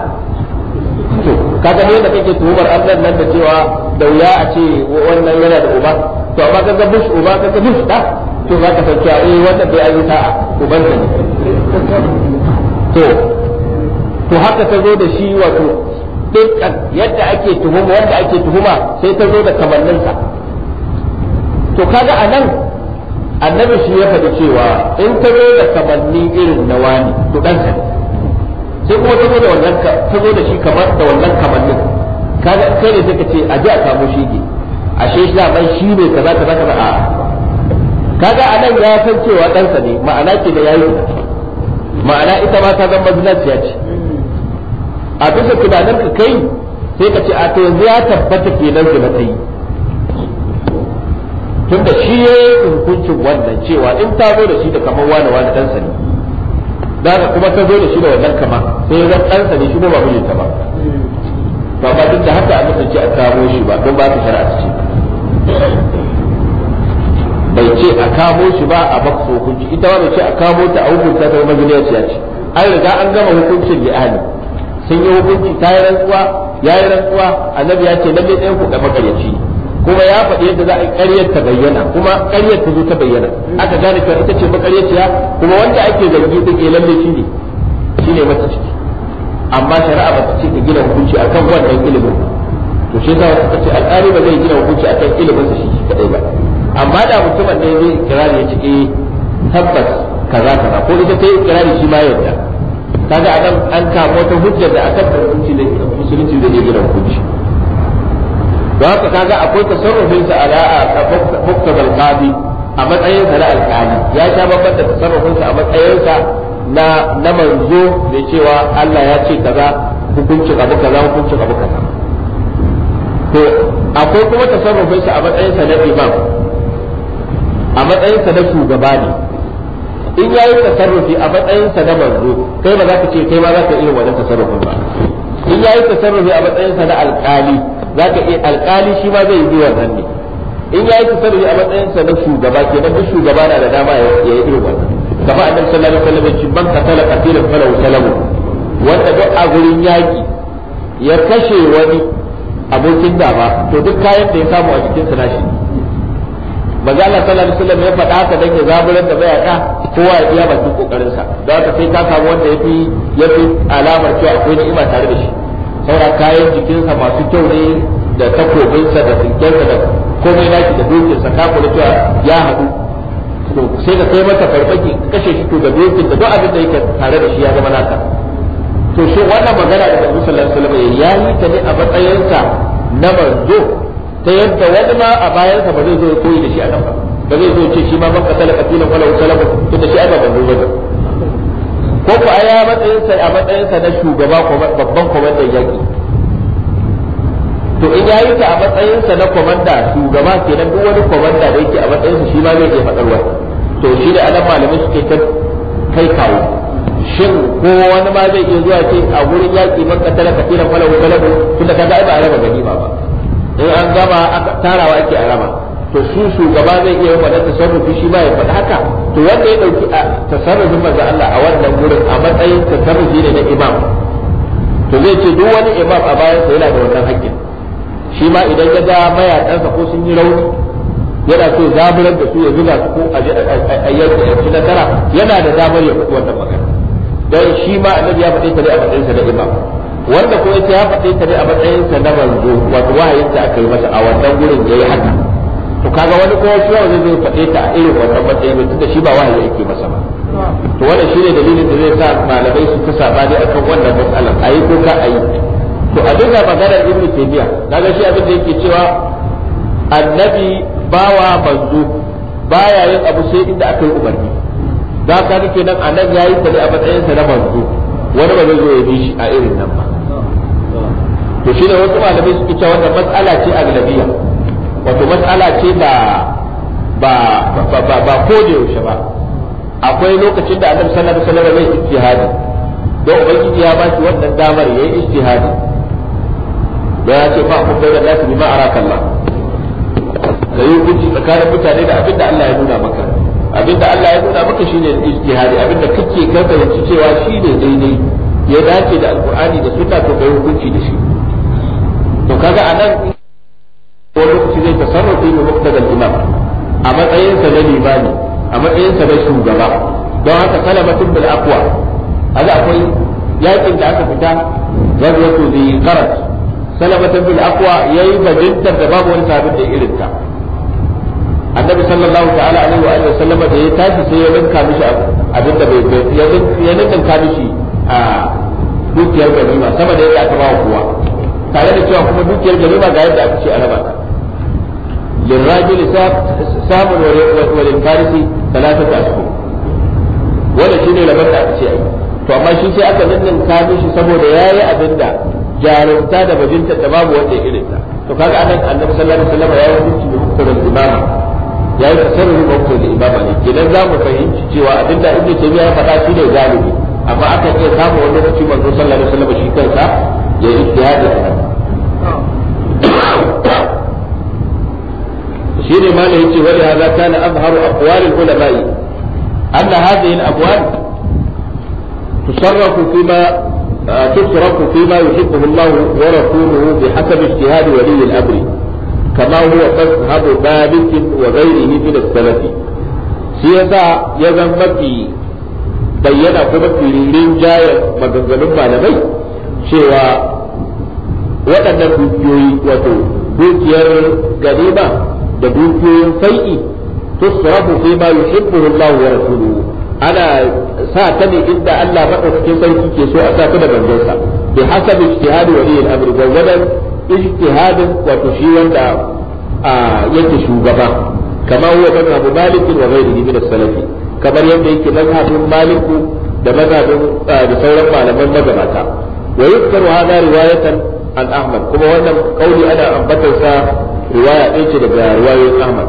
to ka ga yadda kake tuhumar Allah nan da cewa da wuya a ce wannan yana da uba to amma ka ga bush uba ka ga bush da to za ka san cewa eh wannan bai ayyuka uban ne to to haka ta zo da shi wato dukkan yadda ake tuhuma wanda ake tuhuma sai ta zo da kamanninsa to kaga a nan annabi shi ya faɗi cewa in ta zo da kamanni irin na wani to ɗansa ne sai kuma ta zo da wannan ta zo da shi kamar da wannan kamannin kaga sai ne take ce a ji a samu shi ne ashe shi ban shi ne kaza kaza kaza a kaga a nan ya san cewa ɗansa ne ma'ana ke da yayi ma'ana ita ma ta zama zinaciya ce a bisa tunanin ka kai sai ka ce a ta yanzu ya tabbata kenan zina ta yi tunda shi ya yi hukuncin wannan cewa in ta zo da shi da kamar wani wani ɗansa ne da kuma ta zo da shi da wannan kama sai ya zan ɗansa ne shi ba ta ba ba ba duk da haka a ce a kamo shi ba don ba ta shari'a ce bai ce a kamo shi ba a bakso hukunci ita ba bai ce a kamo ta a hukunta ta mazuniya ce an riga an gama hukuncin ahli sun yi hukunci ta yi rantsuwa ya yi rantsuwa annabi ya ce lalle ɗayan ku ɗan makaryaci kuma ya faɗi yadda za a yi ƙaryar ta bayyana kuma ƙaryar ta zo ta bayyana aka gane cewa ita ce makaryaciya kuma wanda ake zargi ta ke eh, lalle shi ne shi ne mata ciki amma shari'a ba ta ce ka gina hukunci akan wannan ilimin to shi yasa suka ce alƙali ba zai gina hukunci akan ilimin sa shi kaɗai ba amma da mutumin da ya zai kirari ya ciki eh, tabbas kaza kaza ko ita ta yi kirari shi ma yadda kaga anan an kama ta hujja da akan musulunci da musulunci da ke gina hukunci don haka kaga akwai tasarrufin sa ala a muktabal qadi a matsayin sa na alƙali ya sha babban da tasarrufin sa a matsayin sa na na manzo mai cewa Allah ya ce kaza hukunci abu kaza hukunci abu kaza to akwai kuma tasarrufin sa a matsayin sa na imam a matsayin sa na shugaba ne in ya yi tasarrufi a matsayinsa na manzo kai ba za ka ce kai ma za ka iya wannan tasarrufin ba in yi tasarrufi a matsayinsa na alƙali za ka iya alƙali shi ma zai yi wannan ne in ya yi tasarrufi a matsayinsa na shugaba ke duk shugaba na da dama ya yi irin wannan kamar annabi sallallahu alaihi wasallam ya ce man qatala qatilan falahu salamu wanda duk a gurin yaki ya kashe wani abokin dama to duk kayan da ya samu a jikinsa nashi shi. manzo Allah sallallahu alaihi wasallam ya faɗa ka dan ya zaburar da aka kowa ya iya bakin kokarin sa da haka sai ka samu wanda yafi yafi alamar cewa akwai ni'ima tare da shi saura kayan jikinsa masu kyau ne da takobinsa da tsinkensa da komai naki da dokinsa ka kula cewa ya haɗu to sai ka kai mata farfaki kashe shi to da dokin da duk abin da yake tare da shi ya zama naka to shi wannan magana da Annabi sallallahu alaihi wasallam ya yi ta ne a matsayinsa na manzo ta yadda wani ma a bayansa ba zai zo koyi da shi a nan ba ba zai zo ce shi ma ban kasala katilan wala to da shi ai ba banzo ba ko ko aya matsayin sa a matsayin sa na shugaba ko babban komandan yaki to in yayi ta a matsayin sa na komanda shugaba kenan duk wani komanda da yake a matsayin sa shi ma zai iya fadarwa to shi da anan malamai suke kai kawo shin ko wani ma zai iya zuwa ce a gurin yaƙi man ka tilan falahu falahu tunda kaga ai ba a raba ba ba in an gama aka tarawa ake a rama to su shugaba zai iya faɗa tasarrufi shi ba ya faɗa haka to wanda ya ɗauki a tasarrufin manzo Allah a wannan gurin a matsayin tasarrufi ne na imam to zai ce duk wani imam a bayan sa yana da wannan haƙƙin shi ma idan ya ga mayaƙansa ko sun yi rauni yana so zaburar da su ya zuga su ko a yanke a cikin nasara yana da damar ya faɗi wannan magana don shi ma annabi ya faɗi ta ne a matsayinsa na imam wanda ko yace ya faɗe ta ne a matsayin sa na manzo wato wahayin ta aka yi masa a wannan gurin yayi haka to kaga wani ko shi wanda zai faɗe ta a irin wannan matsayin ba tunda shi ba wahayi yake masa ba to wannan shine dalilin da zai sa malamai su ta sabani akan wannan matsalar ayi ko ka ayi to a duka maganar ibnu taymiya kaga shi abin da yake cewa annabi bawa manzo baya yin abu sai inda aka yi umarni da ka nake nan annabi yayi ta ne a matsayin sa na manzo wani ba zai zo ya bi shi a irin nan ba to shine wasu malamai suke cewa wannan mas'ala ce galabiya, wato mas'ala ce ba ba ba ba ko da yaushe ba akwai lokacin da annabi sallallahu alaihi wasallam ya ijtihadi don ubangiji ya ba shi wannan damar yayi ijtihadi da ya ce ba ku da nasu bi ma arakallah ka yi hukunci tsakanin mutane da abinda Allah ya nuna maka abinda Allah ya nuna maka shine ijtihadi abinda kake ka fahimci cewa shine daidai ya dace da alqur'ani da sunna to kai hukunci da shi to kaga anan ko lokaci zai tasarrufi da muktadal imam a matsayin sa na libani a matsayin sa na shugaba don haka kalamatin bil aqwa kaga akwai yakin da aka fita zo li qarat salamatin bil aqwa yayi bajintar da babu wani sabon da irin ta annabi sallallahu ta'ala alaihi wa alihi sallama da ya tashi sai ya ninka mishi abin da bai ya rinka mishi a ah, dukiyar ma sama da yadda aka ba kowa tare da cewa kuma dukiyar ganima ga yadda aka ce a raba ta lirrajuli samun walil farisi talatata ashhur wanda shine rabar da aka ce ai to amma shi sai aka dannin kamin shi saboda yayi abinda jarumta da bajinta da babu wanda ya irinta to kaga anan annabi sallallahu alaihi wasallam yayi hukunci da hukuncin imama yayi tasarrufi da hukuncin imama ne idan za mu fahimci cewa abinda ibnu taymiya ya faɗa shine galibi amma aka iya samun wani lokaci manzo sallallahu alaihi wasallam shi kansa ya yi ihtiyadi a شيني ما يجي ولهذا كان أظهر أقوال العلماء أن هذه الأموال تصرف فيما تصرف فيما يحبه الله ورسوله بحسب اجتهاد ولي الأمر كما هو قصد ذلك وغيره من السلف سيدا يزن مكي بينا كمكي لين جاية مجزن ما لبي شوى ودن الدنيا وتو دوكيا غريبة da dukiyoyin fai'i tusrafu fi ma yuhibbu Allah wa rasuluhu ana sa ta ne inda Allah madaukakin sarki ke so a sa ta da banzansa bi hasabi ijtihadi wa lil amri gwadan ijtihadin wato shi wanda yake shugaba kama huwa abu malik wa ghayrihi min as-salafi kamar yadda yake madhhabun malik da madhhabun da sauran malaman magabata wa yuzkaru hada riwayatan an ahmad kuma wannan kauli ana ambatar sa riwaya ɗaya ce daga riwayoyin Ahmad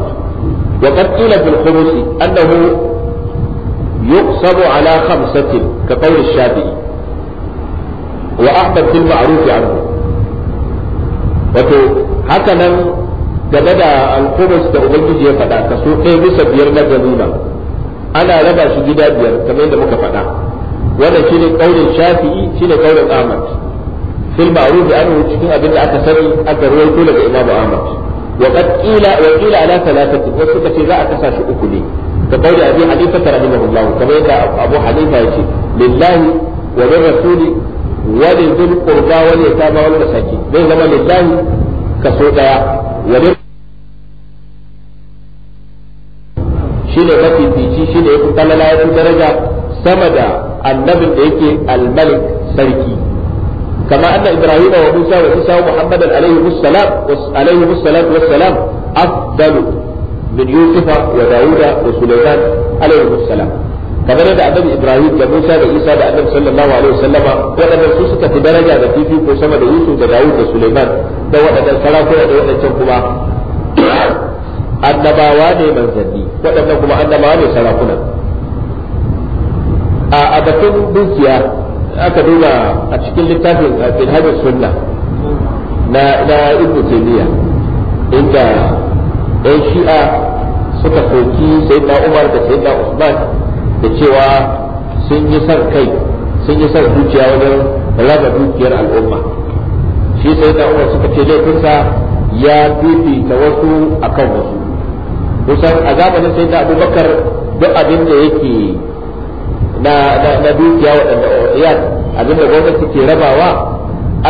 wa qad qila fil khumus annahu yuqsabu ala khamsatin ka qawl ash-shafi'i wa ahmad fil ma'ruf anhu haka nan game da al-khumus da ubangiji ya faɗa kaso ɗaya bisa biyar na ganima ana raba shi gida biyar kamar da muka faɗa wannan shine kaulin shafi'i shine kaulin ahmad bil ma'ruf anhu cikin abin da aka sani aka rawaito daga Imam Ahmad wa qad qila wa qila ala thalathati suka ce za a kasa shi uku ne da kauli abi hanifa rahimahullah kamar yadda abu hanifa yace lillahi wa lir rasuli wa lil qurba wal yatama wal masakin zai zama lillahi kaso daya wa lil shine mafi daraja sama da annabin da yake al-malik sarki كما أن إبراهيم وموسى وعيسى ومحمدا عليهم السلام عليهم الصلاة والسلام أفضل من يوسف وداود وسليمان عليهم السلام kamar yadda annabi Ibrahim da Musa da Isa da annabi sallallahu alaihi wasallama waɗannan su suka daraja da fifi ko sama da Yusuf da Dawud da Sulaiman da waɗannan sarakuna da waɗancan kuma annabawa ne waɗannan kuma annabawa ne sarakuna aka duba a cikin littafin hadis Sunna na na ibnu taymiya inda ɗan Shi'a suka koki Sayyidina Umar da Sayyidina Usman da cewa sun yi san kai sun yi san zuciya wajen raba dukiyar al'umma shi Sayyidina Umar suka ce sa ya fifita wasu akan wasu kusan a zamanin Sayyidina Abubakar duk abin da yake na dukiya waɗanda oriyat abin da gwamnati ke rabawa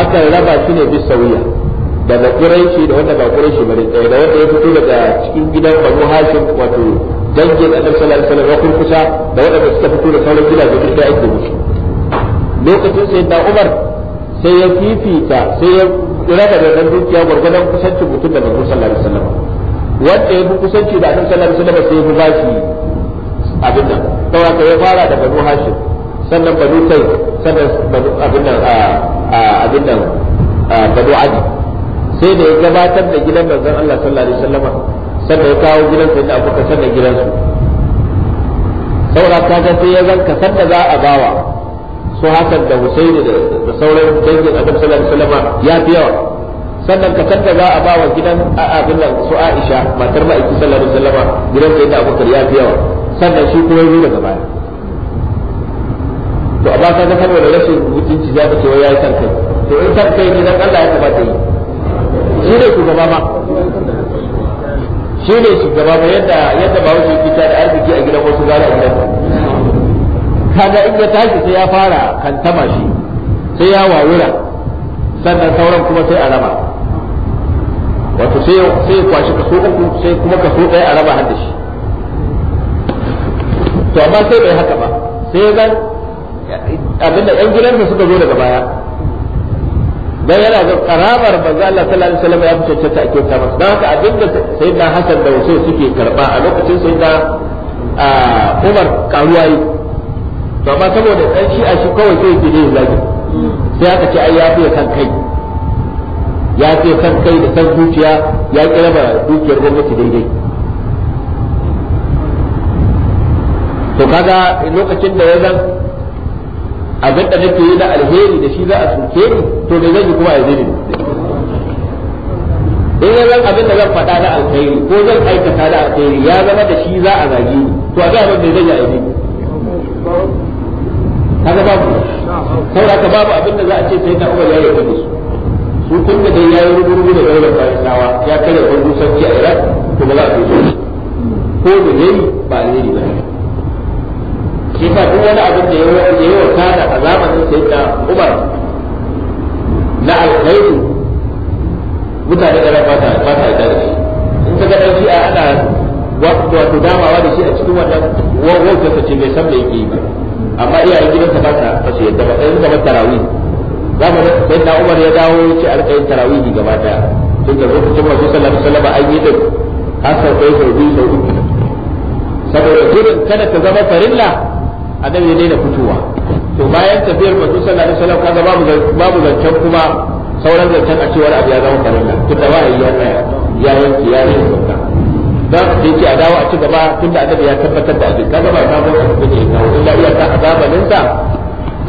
akan raba shi ne bisa wuya daga ƙuraishi da wanda ba kurai shi bane da wanda ya fito daga cikin gidan banu hashim wato dangin annabi sallallahu alaihi wasallam ya kurkusa da waɗanda suka fito da sauran gidaje duk da ake musu lokacin sai da umar sai ya fifita sai ya raba da dan dukiya gwargwadon kusancin mutum da manzon sallallahu alaihi wasallam wanda ya fi kusanci da annabi sallallahu alaihi wasallam sai ya fi bashi abin nan sau ya fara da banu hashim sannan banu sai sannan abin nan abin nan banu adi sai da ya gabatar da gidan manzon Allah sallallahu alaihi wasallama sannan ya kawo gidan sai da abuka sannan gidan su saura ta ga sai ya zanka sanda za a bawa su hakan da Husaini da sauran dangin Annabi sallallahu alaihi wasallama ya fi yawa sannan ka sanda za a bawa gidan abin nan su Aisha matar ma'aiki sallallahu alaihi wasallama gidan sai da abubakar ya fi yawa sannan shi kuma yi daga baya to a ka ga saboda rashin mutunci za ta ce wai yi kan kai to in kan kai ne dan Allah ya kamata yi shi ne shugaba ma shi ne shugaba ma yadda yadda ba wuce kita da arziki a gidan wasu gara a gidan kaga in ya tashi sai ya fara kantama shi sai ya wawura sannan sauran kuma sai a raba wato sai sai kwashi kaso uku sai kuma kaso ɗaya a raba har da shi to amma sai bai haka ba sai zan abinda yan gidansa suka zo daga baya dan yana ga karamar manzo Allah sallallahu alaihi wasallam ya fice ta ake ta masa dan haka abinda sayyidina Hassan da Hussein suke karba a lokacin sayyidina Umar karuwa to amma saboda dan shi a shi kawai sai yake yin zaki sai aka ce ai ya fiye kan kai ya fiye kan kai da san zuciya ya kira ba dukiyar gwamnati daidai to kaga lokacin da ya zan abin da nake yi da alheri da shi za a soke ni to me zan yi kuma alheri in ya zan abin da zan faɗa na alheri ko zan aikata na alheri ya zama da shi za a zagi to a ga abin da zan yi alheri kaga babu saboda ka babu abin da za a ce sai na umar ya yi da su su tun da dai ya yi rubutu da daular farisawa ya karya kwanzu sarki a iraq to ba za a ko da yayi ba alheri ba wani abin da ya yi wa kada a zamanin sai da umar na alkhairu mutane da ba ta ba ta da shi in ka ga shi ana wato damawa da shi a cikin wannan wawon ta ce mai san me yake yi amma iyayen gidansa ba ta ba su yadda ba sai suka tarawi zamanin sai da umar ya dawo ya ce tarawi ne gaba daya tun da lokacin masu sallallahu sallama wasallam an yi duk har sau ɗaya sau biyu sau uku saboda gudun kada ta zama farilla annabi ya daina fitowa to bayan tafiyar manzo sallallahu alaihi wasallam kaga babu babu zancen kuma sauran zancen a cewar abu ya zama farilla tunda ba ya tsaya ya yanki ya yi sauka za ka ce ce a dawo a ci gaba tunda annabi ya tabbatar da abin kaga ba ta ba ta kuje ya kawo illa iya ta azabalin sa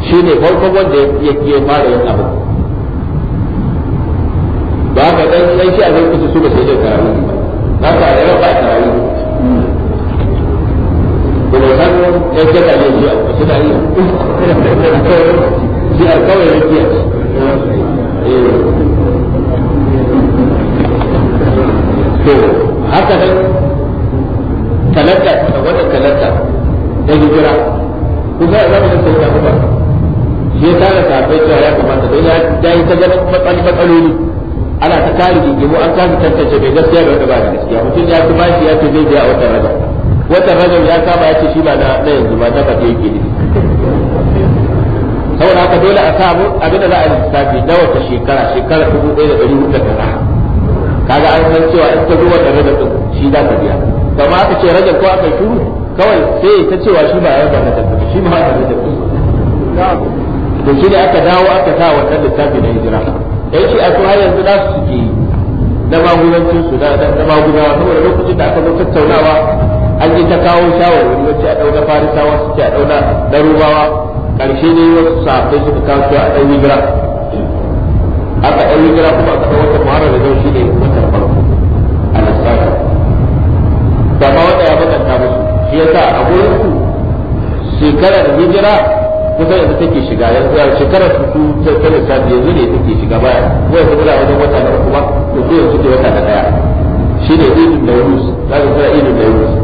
shine farkon wanda ya ya fara yin abu ba ka dan sai shi a zai kusa su ba sai da karatu ba za ka yi ba karatu da wannan ne ke da ne ji a su da yi ji a kawai da ke eh. to haka nan kalanda da wannan ta da hijira kuma ya zama da sai ta kuma shi ya tara sabai cewa ya kamata da ya yi ta zama matsaloli ana ta kare gingimu an kasa tantance mai gaskiya da wanda ba da gaskiya mutum ya ci bashi ya ce zai biya a wata raba. watan rajab ya saba ya ce shi ba na yanzu ba na baɗi yake ne saboda haka dole a samu abin da za a lissafi na wata shekara shekara dubu ɗaya da ɗari hudu da kaga an san cewa in ta zuwa da rajab din shi za ka biya ma aka ce rajab ko aka shuru kawai sai ta cewa shi ba yau ba na tafi shi ba ya rajab da shi ne aka dawo aka sa wannan lissafi na hijira Ya shi a su har yanzu za su suke na magudancin su na magudawa saboda lokacin da aka zo tattaunawa an je ta kawo shawarwari wacce a dauna farisawa su ce a dauna darubawa karshe ne wasu sa'afai suka kawo a a dan hijira aka dan hijira kuma aka dawo wata mara da ne shine wata farko a nasara da ba wanda ya bakanta musu shi yasa a gurin su da hijira kusan yanzu take shiga yanzu shekarar su ta tsaye ta yanzu ne take shiga baya ko yanzu muna wajen wata na uku ba to ko yanzu ke wata na daya ne idin da wurus kaga kuma idin da wurus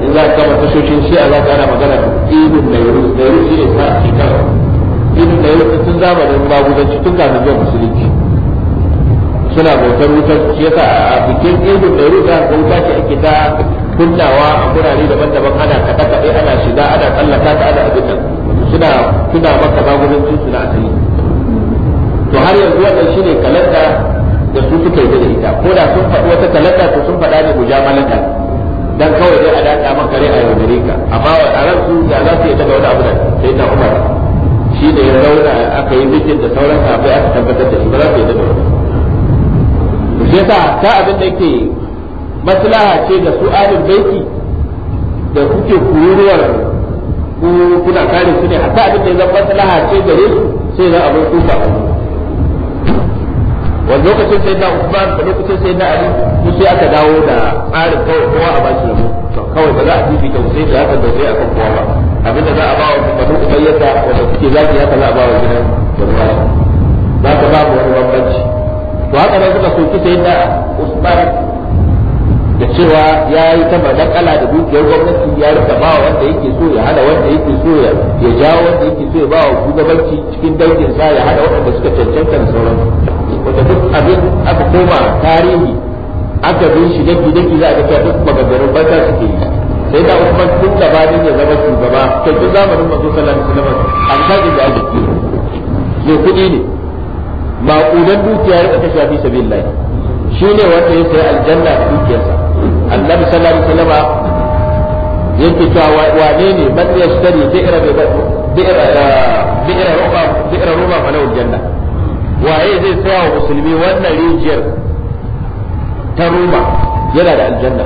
in za ka kama shocin shi a za ka ana magana idin da yaro da yaro shi ne ta a cikin idin da yaro tun zamanin magudanci tun ga zuwa musulunci suna bautar wutar shi yasa a bikin idin da yaro za a kuma ce ake ta kunnawa a gurare daban-daban ana kaɗe-kaɗe ana shiga ana tsallaka ta ana abin nan suna suna maka magudancin su na asali to har yanzu wannan shine kalanda da su suka yi da ita ko da sun faɗi wata kalanda to sun faɗa ne mujamalata dan kawai dai a daɗa maka rai a yau da ka amma a ran su da za su yi daga wani abu da sai na umar shi da ya zauna aka yi mitin da sauran sahabbai aka tabbatar da shi ba za su yi daga wani to shi yasa ta abin da yake maslaha ce da su alin baiti da kuke kuruwar ku kuna kare su ne hatta abin da ya zama maslaha ce gare su sai za a bar tufa a wani lokacin sai na Usman da lokacin sai na Ali su sai aka dawo da tsarin kawai kowa a bashi da mu kawai ba za a fifita sai da haka da sai kan kowa ba abin da za a ba wa Banu Umayya yadda wanda suke zaki haka za a ba wa gidan Banu za ka babu wani bambanci to haka ne suka soki sai da Usman da cewa ya yi ta madakala da dukiyar gwamnati ya rika ba wanda yake so ya hada wanda yake so ya jawo wanda yake so ya ba wa shugabanci cikin sa ya hada waɗanda suka cancanta da sauransu wata duk abin aka koma tarihi aka bin shi da gida za a ga duk maganganun banza suke yi sai da kuma tun da ba ya zama shugaba ta duk zamanin manzo sallallahu alaihi wasallam da ake ne kudi ne kudan dukiya ya ta shafi sabilillah shi ne wanda ya sayi aljanna da dukiyarsa annabi sallallahu alaihi wasallam yake cewa wane ne man bi'ra bi'ra bi'ra ruba bi'ra ruba aljanna waye zai tsaya wa musulmi wannan rijiyar ta ruma yana da aljanna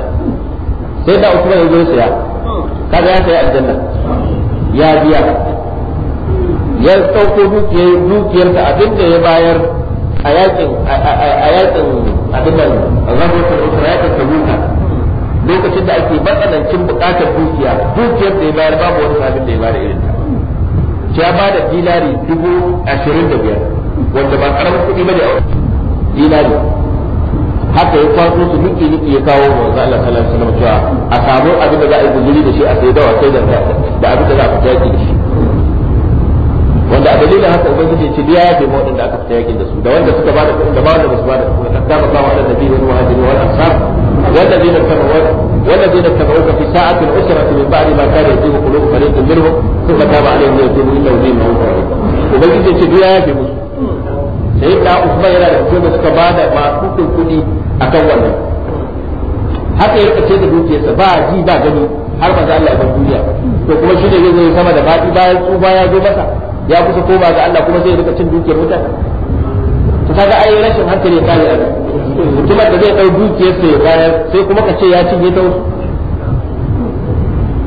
sai da usman ya zo saya kaga ya saya aljanna ya biya ya sauko dukiyar dukiyar da abin da ya bayar a yakin a yakin abin nan rahoton usman yakin ka, lokacin da ake matsanancin bukatar dukiya dukiyar da ya bayar babu wani sabin da ya bayar irin ta ya ba da dinari dubu ashirin da biyar wanda ba karamin kuɗi bane a dinari haka ya kwaso su niki niki ya kawo wa manzo Allah sallallahu alaihi cewa a samu abin da za a yi guzuri da shi a sai dawa sai da da abin da za a fita yaki da shi wanda a dalilin haka ubangiji ce biya ya bai mu wadanda aka fita yakin da su da wanda suka bada kuɗin da ba wanda ba su bada kuɗin da ta ba wa annabi wal muhajirin wal ansar wanda zai tabbata والذين اتبعوك في ساعة العسرة من بعد ما كان يزيغ قلوب فريق منهم ثم تاب عليهم ليتوبوا إلا وزيهم وهم فريق وبيجي تشبيها في مسلم sai da Usman yana da kuma suka ba da masu kuɗi akan wannan haka ya kace da dukiyarsa ba ji ba gani har ba Allah ya bar duniya to kuma shi ne zai sama da baki bayan tsufa ya zo masa ya kusa ba ga Allah kuma ya rika cin dukiyar mutane to kaga ai rashin hankali ya kare a mutumin da zai dau dukiyarsa ya bayar sai kuma ka ce ya cinye ta wasu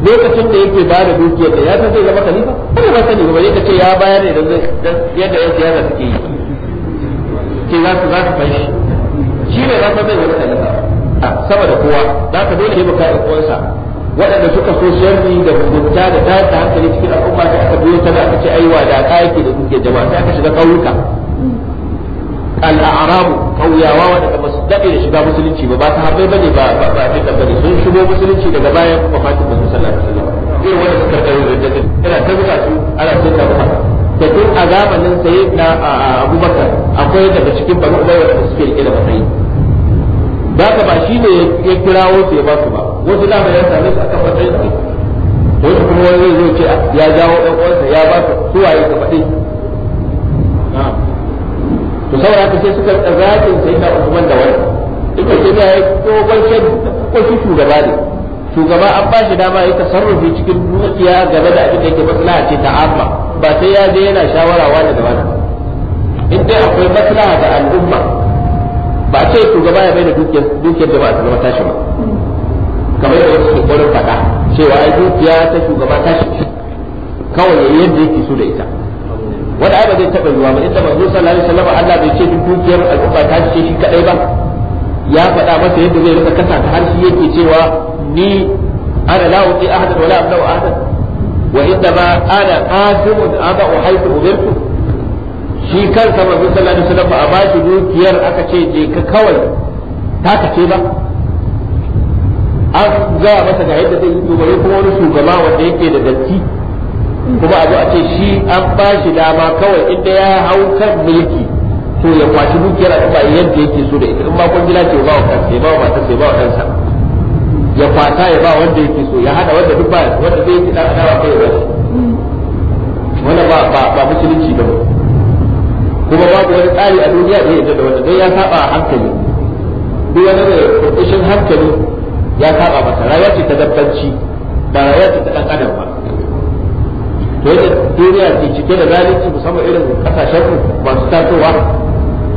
lokacin da yake bada dukiyar ya san zai zama khalifa kada ba sani ba ne ce ya bayar ne dan yadda yan siyasa suke yi ke za su za su fashi shi ne za ka zai zama khalifa sama da kowa za ka dole taimaka da kowansa waɗanda suka so sharri da mutunta da ta hankali cikin al'umma da aka biyo ta da aka ce aiwa da ka yake da dukiyar jama'a sai aka shiga ƙauyuka al'arabu kauyawa waɗanda ba su daɗe da shiga musulunci ba ba ta haɓe ba ne ba ba ta da ne sun shigo musulunci daga baya bayan wafatin da sallallahu alaihi wasallam irin wanda suka karɓi rinjin yana ta buga su ana sai ta buga da tun a zamanin sayi na abubakar akwai daga cikin bani ubayya da suke rike da matsayi ba ka ba shi ne ya kirawo wasu ya ba su ba wasu dama ya same su akan matsayin su wasu kuma wani zai ce ya jawo ɗan uwansa ya ba su suwaye ka faɗi to saboda haka sai suka tsazafin sai na Usman da wani ibn Taymiya ya dogon shan ko shi shugaba ne shugaba an ba shi dama ya tasarrufi cikin dukiya game da abin da yake maslaha ce ta amma ba sai ya je yana shawara wani da wani in dai akwai maslaha ga al'umma ba ce shugaba ya bai da dukiyar jama'a ta zama tashi ba kamar yadda wasu ke faɗa cewa ai dukiya ta shugaba tashi kawai yadda yake so da ita wani abu ba zai taɓa yiwa ba inda manzo sallallahu alaihi wasallam Allah bai ce duk dukiyar al'umma ta ce shi kadai ba ya faɗa masa yadda zai rika kasa ta harshe shi yake cewa ni ana la uti ahadan wala amlau ahadan wa inda ma ana qasimun aba uhaytu umirtu shi kansa manzo sallallahu alaihi wasallam ba a ba shi dukiyar aka ce je ka kawai ta kace ba an gaya masa ga yadda zai yi kuma wani shugaba wanda yake da datti kuma abu a ce shi an ba shi dama kawai inda ya hau kan mulki to ya kwashi dukiyar al'umma yadda yake so da ita in ba kun gida ce ba wa kansa ya ba wa matar ya ba wa kansa ya kwata ya ba wanda yake so ya hada wanda duk ba wanda zai yi dan adawa kai wani wannan ba ba ba musulunci ba kuma babu wani tsari a duniya da yake da wanda dai ya saba hankali duk wani da kurkushin hankali ya saba masa rayuwa ce ta dabbanci ba rayuwa ce ta dan adam ba to yadda duniya ke cike da zalunci musamman irin kasashen masu tasowa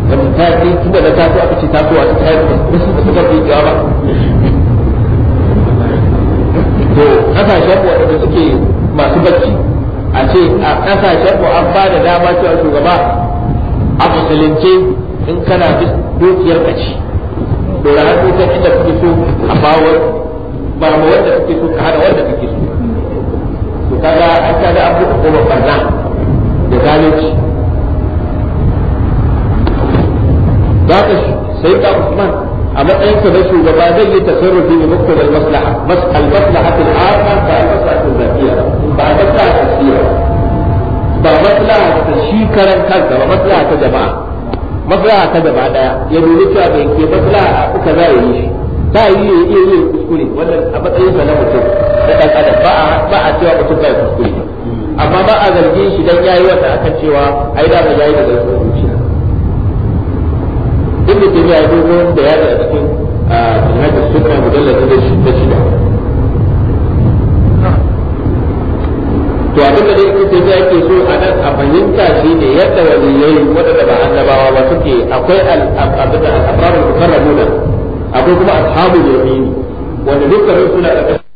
da mutane tunda na tato aka ce taso a cikin ayyukan wasu ba su gafi ba to kasashen waɗanda suke masu bacci a ce a kasashen mu an ba da dama cewa shugaba a musulunce in kana dukiyar kaci dora hannu ta inda kuke so a bawar ba ma wanda kuke so ka hana wanda kuke so to kaga an kaga an buɗe kuma barna da zalunci za ka sai ka Usman a matsayin sa na shugaba zai yi tasarrufi bi muktab al maslaha mas al maslaha al amma ba al maslaha al zakiya ba al maslaha al siya ba maslaha ta shi karan kanka ba maslaha ta jama'a maslaha ta gaba daya ya dubi cewa bai ke maslaha a kuka za yi shi ba yi ne iya yin kuskure wannan a matsayin sa na mutum da dan adam ba a ba a cewa mutum bai kuskure amma ba a zargin shi dan yayi wata aka cewa ai da ba yayi da zargin zuciya ibnu tabi'a ya dogo da ya da cikin manhajus sunna mudalla da shi da shi to abin da ibnu tabi'a yake so a nan a fahimta shi ne yadda waliyai wadanda ba annabawa ba suke akwai al-abada al-abrar al akwai kuma ashabul yamini wanda dukkan suna da